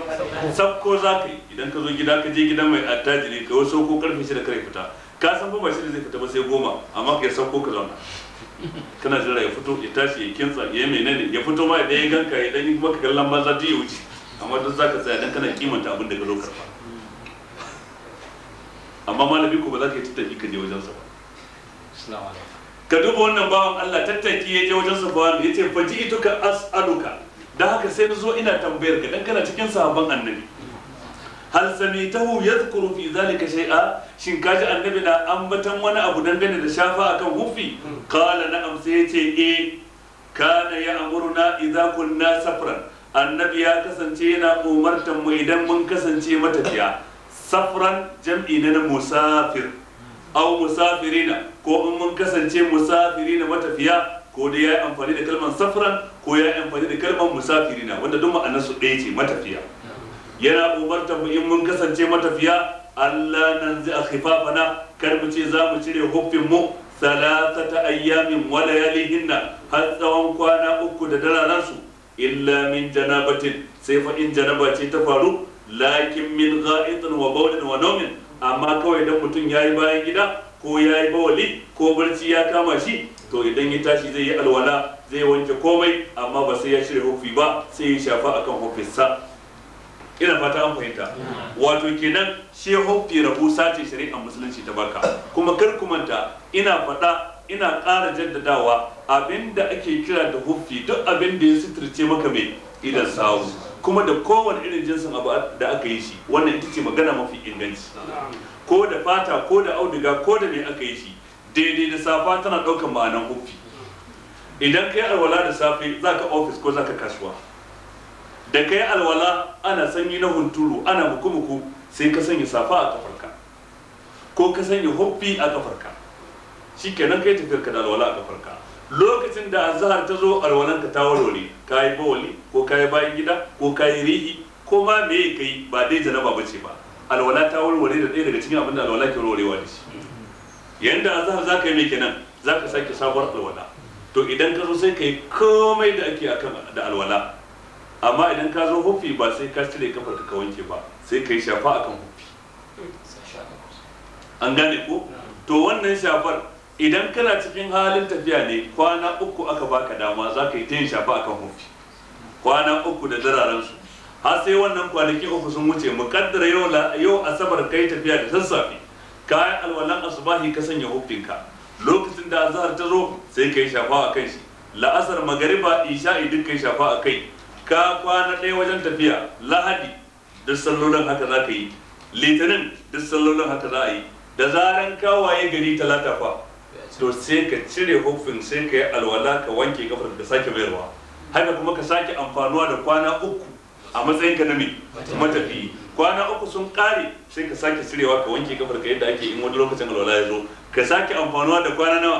sabko za ka yi idan ka zo gida ka je gidan mai attajiri ka wasu ko karfe shida kare fita ka san ba shi zai fita ba sai goma amma ka yi sabko ka zauna kana jira ya fito ya tashi ya kinsa ya menene ya fito ma idan ya ganka ya dan ka kallon banza ta wuce amma duk zaka tsaya dan kana kimanta abin da ka zo karfa amma malami ko ba za ka yi tattaki ka je wajen sa ba ka duba wannan bawan Allah tattaki ya je wajen sa ba ya ce faji ituka as'aluka da haka sai na zo ina tambayar ka dan kana cikin sahabban annabi hal samitahu yadhkuru fi zalika shay'a shin kaji annabi na ambatan wani abu dan dangane da shafa akan hufi qala na sai yace e eh, kana ya'muruna idza kunna safran annabi ya kasance yana umartan mu idan mun kasance matafiya safran jam'i na musafir aw musafirina ko in mun kasance musafirina matafiya ko dai ya amfani da kalmar safran ko ya amfani da kalmar musafirina wanda duk ma'anarsu ɗaya ce matafiya yana umarta mu in mun kasance matafiya Allah nan zai a khifafana kar mu ce za mu cire huffin mu salatata ayyamin wa layalihinna har tsawon kwana uku da dalalan su illa min janabatin sai fa in janaba ce ta faru lakin min gha'itin wa bawlin wa nawmin amma kawai dan mutum yayi bayan gida ko yayi bawali ko barci ya kama shi to idan ya tashi zai yi alwala zai wanke komai amma ba sai ya shirya hufi ba sai ya shafa akan hufinsa ina fata an fahimta wato kenan shi hobbi rabu sace shari'ar musulunci ta baka kuma kar ku manta ina fada ina ƙara jaddadawa abinda ake kira da hufi duk abin da ya suturce maka mai idan sawu kuma da kowane irin jinsin abu da aka yi shi wannan ita ce magana mafi inganci ko da fata ko da auduga ko da mai aka yi shi daidai da safa tana ɗaukar ma'anan hufi idan ka yi alwala da safe za ka ofis ko za ka kasuwa da kai alwala ana sanyi na hunturu ana muku-muku sai ka sanya safa a kafarka ko ka sanya hoppi a kafarka shi kenan kai tafiyar ka da alwala a kafarka lokacin da zahar ta zo alwalanka ta warware ka yi bawali ko ka yi bayan gida ko ka yi rihi ko ma me kai ba dai janaba bace ba alwala ta warware da ɗaya daga cikin abin da alwala ke warwarewa da shi yanda zahar za ka yi mai kenan za ka sake sabuwar alwala to idan ka zo sai ka yi komai da ake akan da alwala amma idan ka zo hufi ba sai ka cire kafar ka wanke ba sai ka yi shafa akan hufi an gane ko to wannan shafar idan kana cikin halin tafiya ne kwana uku aka baka dama za ka yi ta yin shafa akan hufi kwana uku da zararen su har sai wannan kwanaki uku sun wuce mu kaddara yau yau asabar kai tafiya da sassafe kayan alwalan asubahi ka sanya ka lokacin da azhar ta zo sai kai shafa akan shi la'asar magariba isha'i duk kai shafa akai ka kwana ɗaya wajen tafiya lahadi duk sallolin haka za ka yi litinin duk sallolin haka za a yi da zaran ka waye gari talata fa to sai ka cire hukfin sai ka yi alwala ka wanke kafar ka sake bayarwa haka kuma ka sake amfanuwa da kwana uku a matsayin ka na mai matafi kwana uku sun kare sai ka sake cirewa ka wanke kafar ka yadda ake in wani lokacin alwala ya zo ka sake amfanuwa da kwana nawa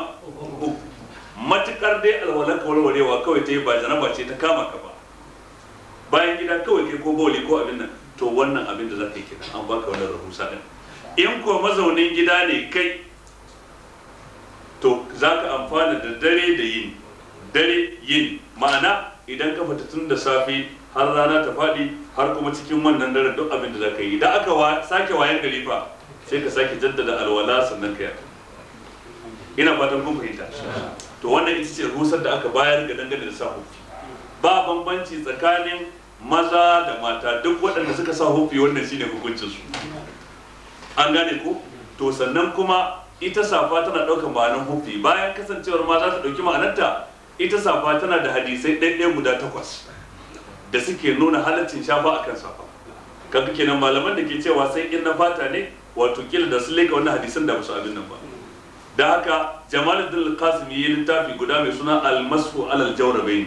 matukar dai alwala ka warwarewa kawai ta yi ba janaba ce ta kama ka ba bayan gida kawai kai ko bawali ko abin nan to wannan abin da za ka yi kenan an baka wannan rahusa din in ko mazaunin gida ne kai to za ka amfana da dare da yin dare yin ma'ana idan ka fita tun da safe har rana ta faɗi har kuma cikin wannan daren duk abin da za ka yi idan aka sake wayan gari fa sai ka sake jaddada alwala sannan ka ina fatan kun fahimta to wannan ita ce rusar da aka bayar ga dangane da sa ba bambanci tsakanin maza da mata duk waɗanda suka sa hufi wannan shine hukuncin su an gane ko to sannan kuma ita safa tana ɗauka ma'anar hufi bayan kasancewar maza su ɗauki ma'anarta ita safa tana da hadisai ɗaiɗaya guda takwas da suke nuna halaccin shafa akan safa kaga kenan malaman da ke cewa sai in na fata ne wato kila da su leka wannan hadisan da basu abin nan ba da haka jamaluddin kasimi yi littafi guda mai suna almasu alal ne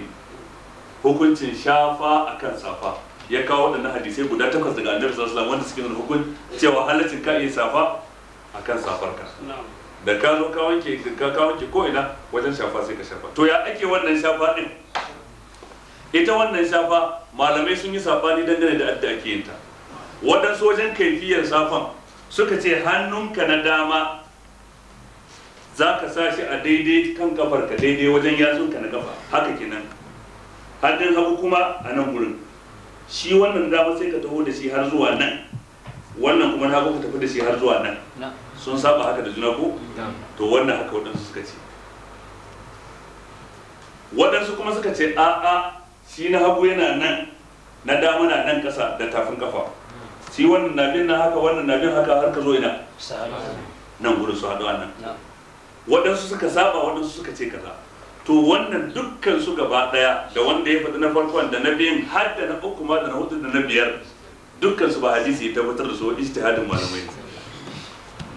hukuncin shafa a kan safa ya kawo waɗannan hadisai guda takwas daga annabi sallallahu alaihi wanda suke nuna hukun cewa halaccin ka iya safa akan safarka da ka zo kawon ke ka kawon wanke ko ina wajen shafa sai ka shafa to ya ake wannan shafa din ita wannan shafa malamai sun yi sabani dangane da adda ake yin ta waɗansu wajen kaifiyar safan suka ce hannunka na dama za ka sa shi a daidai kan kafarka daidai wajen yatsunka na kafa haka kenan hannun hagu kuma a nan gurin shi wannan dama sai ka taho da shi har zuwa nan wannan kuma na hagu ka tafi da shi har zuwa nan sun saba haka da juna ko to wannan haka waɗansu suka ce waɗansu kuma suka ce a'a shi na hagu yana nan na dama na nan ƙasa da tafin kafa shi wannan na bin na haka wannan na bin haka har ka zo ina nan gurin su haɗu a nan waɗansu suka saba waɗansu suka ce kaza to wannan dukkan su gaba daya da wanda ya faɗi na farkon da na biyun har da na uku ma da na hudu da na biyar dukkan su ba hadisi ya tabbatar da su ijtihadin malamai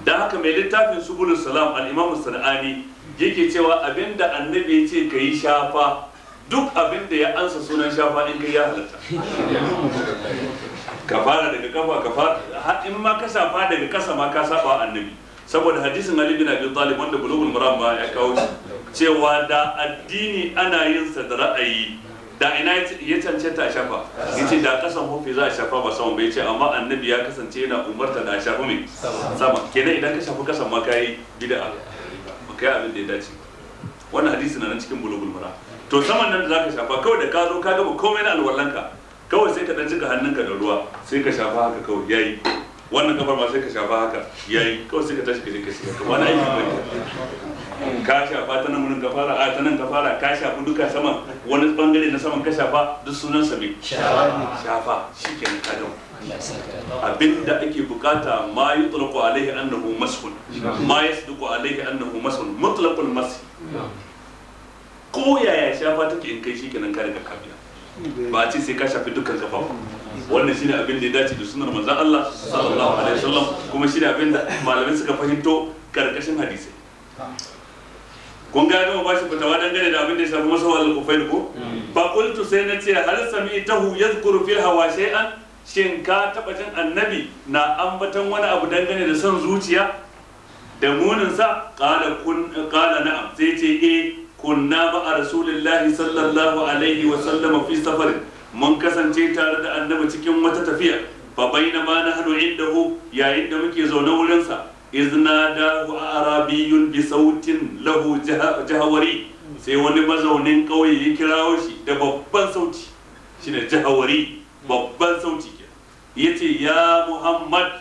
da haka mai littafin subulus salam al-imam sanani yake cewa abinda annabi ya ce kai shafa duk abinda ya ansa sunan shafa in kai ya halatta ka fara daga kafa ka fara in ma ka safa daga kasa ma ka saba annabi saboda hadisin ali bin abi wanda bulugul maram ya kawo shi cewa da addini ana yin sa da ra'ayi da ina ya cancanta a shafa ya ce da kasan hufi za a shafa ba sama bai ce amma annabi ya kasance yana umarta da a shafa mai sama kenan idan ka shafi kasan ma kayi bid'a ba kai abin da ya dace wannan hadisi na nan cikin bulugul mara to saman nan da zaka shafa kawai da ka zo ka gaba komai na alwallanka kawai sai ka dan jika hannunka da ruwa sai ka shafa haka kawai yayi wannan kafar ma sai ka shafa haka yayi kawai sai ka tashi ka je ka shiga kamar na aiki bane ka shafa ta nan wurin ka fara a ta nan ka fara ka shafa duka sama wani bangare na saman ka shafa duk sunan sa me shafa shikenan ka dawo abinda ake bukata ma yutlaqu alaihi annahu mashun ma yasduqu alaihi annahu mashun mutlaqul mash ko yaya shafa take in kai shikenan nan kare ka kabiya. ba a ce sai ka shafi dukkan kafa wannan shine abin da ya dace da sunar manzon Allah sallallahu alaihi wasallam kuma shine abin da malamai suka fahimto karkashin hadisi kun ga gama bashi fatawa dangane da abin da ya shafi masa wal ko mm. fa qultu sai na ce hal sami'tahu yadhkuru fil hawa shay'an shin ka taba jin annabi na ambatan wani abu dangane da son zuciya da munin sa qala kun qala na'am sai ce eh kunna ba a rasulullahi sallallahu alaihi wa sallama fi safarin mun kasance tare da annabi cikin wata tafiya fa bainama nahnu indahu yayin da muke zaune wurinsa izna da arabiyun bi sautin lahu jahawari sai wani mazaunin ƙauye ya kirawo shi da babban sauti shi shine jahawari babban sauti ke yace ya muhammad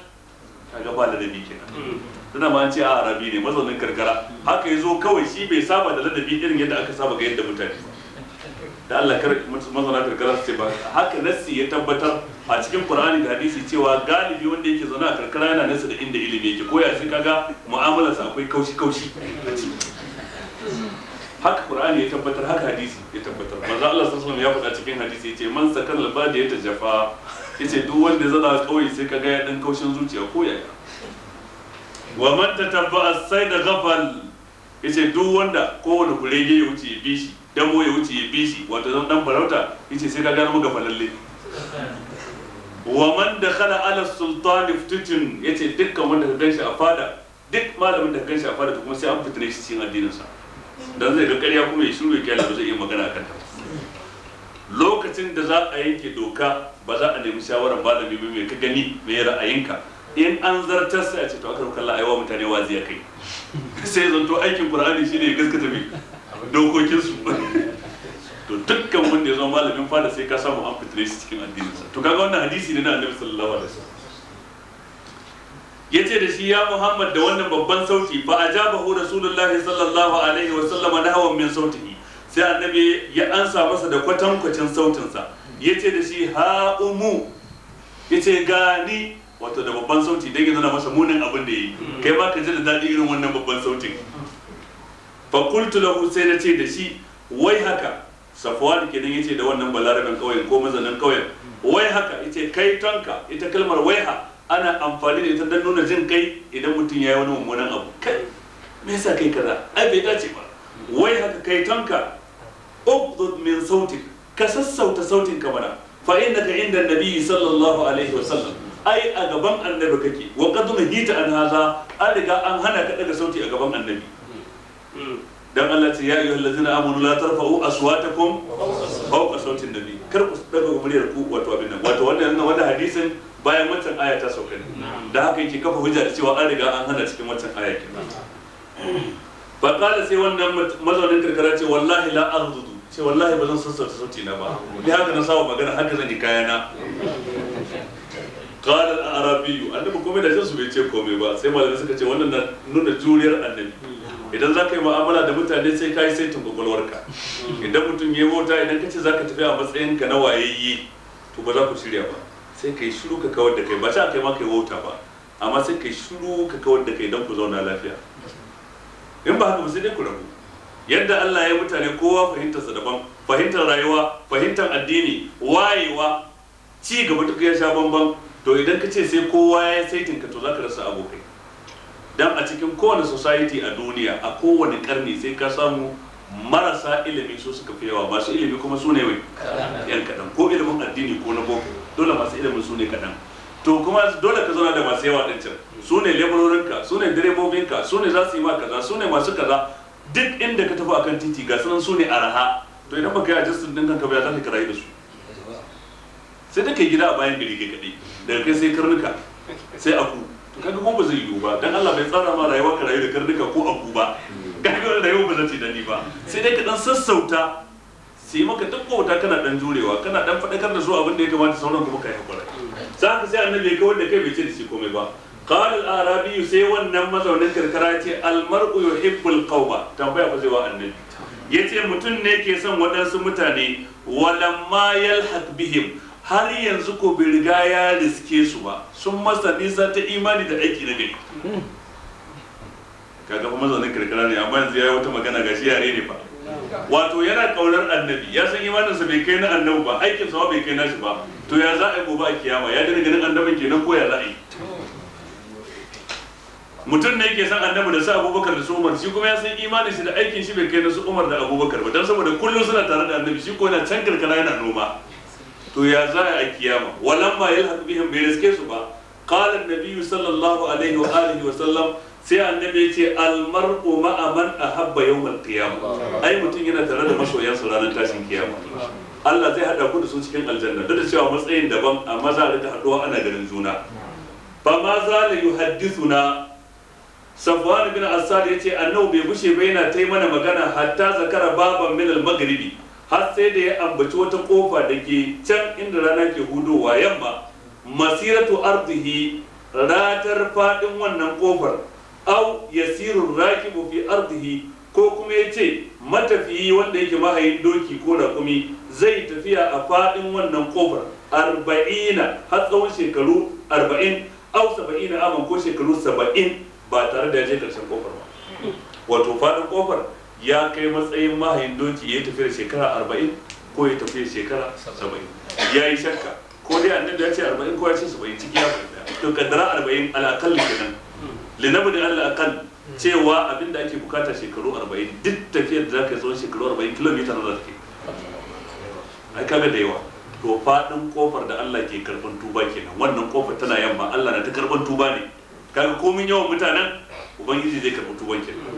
kaga ba ladabi kenan tana ma an ce a arabi ne mazaunin karkara haka ya zo kawai shi bai saba da ladabi irin yadda aka saba ga yadda mutane ba da Allah kar masana karkara su ce ba haka nassi ya tabbatar a cikin Qur'ani da hadisi cewa galibi wanda yake zaune a karkara yana nasa da inda ilimi yake ko ya shi kaga mu'amalarsa akwai kaushi kaushi haka Qur'ani ya tabbatar haka hadisi ya tabbatar manzo Allah sallallahu alaihi wasallam ya faɗa cikin hadisi yace man sakan albadi ya tajafa yace duk wanda zana kauye sai kaga ya dan kaushin zuciya ko yaya wa man tatabba as-sayd ghafal yace duk wanda kowane kurege ya wuce ya damo ya wuce ya bi shi wato zan dan farauta yace sai ka gano maka falalle wa man dakhala ala sultan iftitin yace dukkan wanda ka ganshi a fada duk malamin da ka ganshi a fada to kuma sai an fitine shi cikin addinin sa dan zai ga ƙarya kuma ya shiru ya kyale ba zai iya magana akan ta lokacin da za a yanke doka ba za a nemi shawarar malami ba mai ka gani mai ra'ayinka in an zartar sai a ce to aka rubuta Allah aiwa mutane wazi *laughs* ya kai sai zanto aikin Qur'ani shine ya gaskata mai dokokinsu to dukkan wanda ya zo malamin fada sai ka samu an fitre shi cikin addininsa to kaga wannan hadisi ne na annabi sallallahu alaihi wasallam yace da shi ya Muhammad da wannan babban sauti fa ajabahu rasulullahi sallallahu alaihi wasallam nahwan min sautihi sai annabi ya ansa masa da sautin sa yace da shi ha umu yace gani wato da babban sauti dan ga na masa munin abin da yi kai ba ka ji da dadi irin wannan babban sautin fa qultu lahu sai na ce da shi wai haka safwan kenan yace da wannan balaraben kauyen ko mazanin kauyen wai haka yace kai tonka ita kalmar waiha ana amfani da ita don nuna jin kai idan mutum ya yi wani mummunan abu kai me yasa kai kaza ai bai dace ba wai haka kai tonka ubdud min sautin ka sassauta sautin ka mana fa innaka inda nabiyyi sallallahu alaihi wasallam ai a gaban annabi kake wa qad nuhita an haza an riga an hana ka daga sauti a gaban annabi dan Allah ce ya ayyuhal ladzina amanu la tarfa'u aswatakum fawqa sautin nabi kar ku daga muryar ku wato abin nan wato wannan wannan hadisin bayan wancan aya ta sauka ne da haka yake kafa hujja da cewa an riga an hana cikin wancan aya kenan fa qala sai wannan mazaunin karkara ce wallahi la aghdudu ce wallahi ba zan sassauta sauti na ba ni haka na sawa magana haka zan yi kayana qala al-arabiyyu annabi kuma da jinsu bai ce komai ba sai malamai suka ce wannan na nuna juriyar annabi idan za ka yi ma'amala da mutane sai ka yi saitin kwakwalwarka idan mutum ya mota idan ka ce za ka tafi a matsayin ka na wayayye to ba za ku shirya ba sai ka yi shiru ka kawar da kai ba ta kai ma ka yi wauta ba amma sai ka yi shiru ka kawar da kai don ku zauna lafiya in ba haka ba sai dai ku rabu yadda Allah ya mutane kowa sa daban fahimtar rayuwa fahimtar addini wayewa ci gaba duk ya sha bamban to idan ka ce sai kowa ya saitin ka to za ka rasa abokai dan a cikin kowane society a duniya a kowane karni sai ka samu marasa ilimi su suka fi yawa masu ilimi kuma su ne wai yan kadan ko ilimin addini ko na boko dole masu ilimin su ne kadan to kuma dole ka zauna da masu yawa din can su ne leburorinka su ne direbobinka su ne za su yi ma kaza su ne masu kaza duk inda ka tafi akan titi ga sunan su ne raha to idan baka yi ajistin din kanka ba za ka rayu da su sai da kai gida a bayan gari kai kadai daga kai sai karnuka sai aku kaga ko ba zai yiwu ba dan Allah bai tsara ma rayuwa ka rayu da karnuka ko abu ba kaga rayuwa ba zai dani ba sai dai ka dan sassauta sai maka duk kowata kana dan jurewa kana dan fadakar da su abin da ya kamata sauran kuma ka yi hakuri za ka sai annabi ya kawar da kai bai ce da shi komai ba قال الأعرابي sai wannan mazaunin karkara ce almar'u yuhibbul qawma tambaya ba zai wa annabi yace mutum ne ke son waɗansu mutane walamma yalhaq bihim har yanzu ko bai riga ya riske su ba sun masa nisa ta imani da aiki na gari kaga kuma zaune kirkira ne amma yanzu ya yi wata magana ga shi yare ne ba wato yana kaunar annabi ya san imaninsa bai kai na annabi ba aikin sa bai kai nashi ba to ya za a yi gobe a kiyama ya dina ganin annabin kenan ko ya za a yi mutum ne yake san annabi da su abubakar da su umar shi kuma ya san imanin shi da aikin shi bai kai na su umar da abubakar ba don saboda kullum suna tare da annabi shi ko yana can kirkira yana noma to ya za a kiyama walamma yalhaq bihim bai riske su ba qala an-nabiyyu sallallahu alaihi wa alihi wa sallam sai annabi ya ce almar'u ma'a man ahabba yawmal qiyama ai mutum yana tare da masoyansa ranar tashin kiyama Allah zai hada ku da su cikin aljanna duk da cewa matsayin daban amma za a ta haduwa ana ganin juna fa ma za la yuhaddithuna Safwan bin ce yace annabi bai gushe ba yana ta mana magana hatta zakara baban min al-maghribi har sai da ya ambaci wata kofa da ke can inda rana ke hudowa yamma masiratu ardihi ratar fadin wannan kofar au yasirun rakibu fi ardihi ko kuma ya ce matafiyi wanda yake mahayin doki ko rakumi zai tafiya a fadin wannan kofar arba'ina har tsawon shekaru arba'in au saba'ina aman ko shekaru saba'in ba tare da ya je karshen kofar ba wato fadin kofar ya kai matsayin mahayin doki ya tafi da shekara arba'in ko ya tafi da shekara saba'in ya yi shakka ko dai annabi ya ce arba'in ko ya ce saba'in ciki ya fahimta to kaddara arba'in al'akalli kenan linabudin al'akal cewa abin da ake bukata shekaru arba'in duk tafiyar da za ka yi tsawon shekaru arba'in kilomita na zarafi ta ke ai kaga da yawa to faɗin kofar da Allah ke karɓar tuba kenan wannan kofar tana yamma Allah na ta karɓar tuba ne kaga komin yawan mutanen ubangiji zai karɓar tuban kenan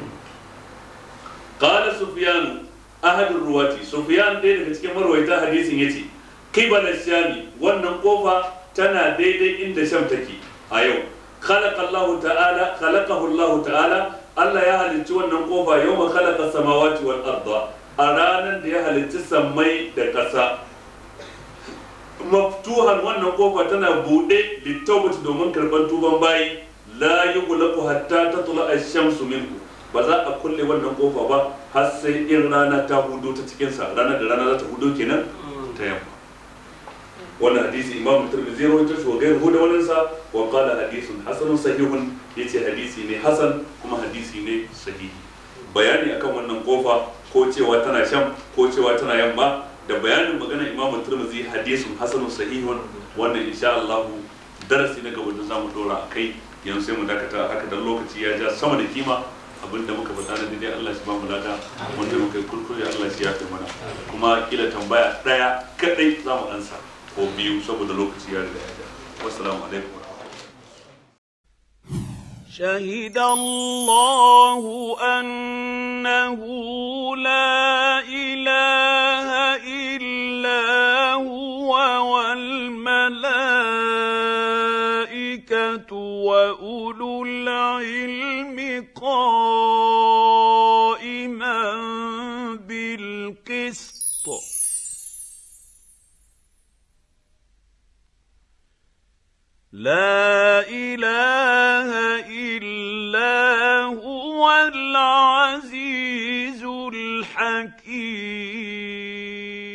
qala sufyan ahadun ruwati sufyan ɗaya daga cikin marwaita hadisin yace qibala shami wannan kofa tana daidai inda sham take a yau khalaqa Allah ta'ala Allah ta'ala Allah ya halicci wannan kofa yawma khalaqa samawati wal arda a ranar da ya halicci sammai da ƙasa maftuhan wannan kofa tana buɗe littawbati domin karɓar tuban bayi la yughlaqu hatta tatla a shamsu minku. ba za a kulle wannan kofa ba har sai in rana ta hudu ta cikinsa rana da rana za ta hudo kenan ta yamma wannan hadisi imam tirmidhi ya rawaito shi wa gairu da wannan sa wa qala hadithun hasanun sahihun yace hadisi ne hasan kuma hadisi ne sahihi bayani akan wannan kofa ko cewa tana sham ko cewa tana yamma da bayanin magana imamu tirmidhi hadisun hasanun sahihun wannan insha Allah darasi na gaba da zamu dora kai yanzu sai mu dakata haka dan lokaci ya ja sama da kima abin da muka fata na dai Allah shi ya ba mu lada wanda muka kurkure Allah shi ya fi mana kuma kila tambaya daya kadai za mu ansa ko biyu saboda lokaci ya riga ya ja assalamu alaikum شهد الله انه لا اله الا هو والملائكه واولو العلم قائما بالقسط لا اله الا هو العزيز الحكيم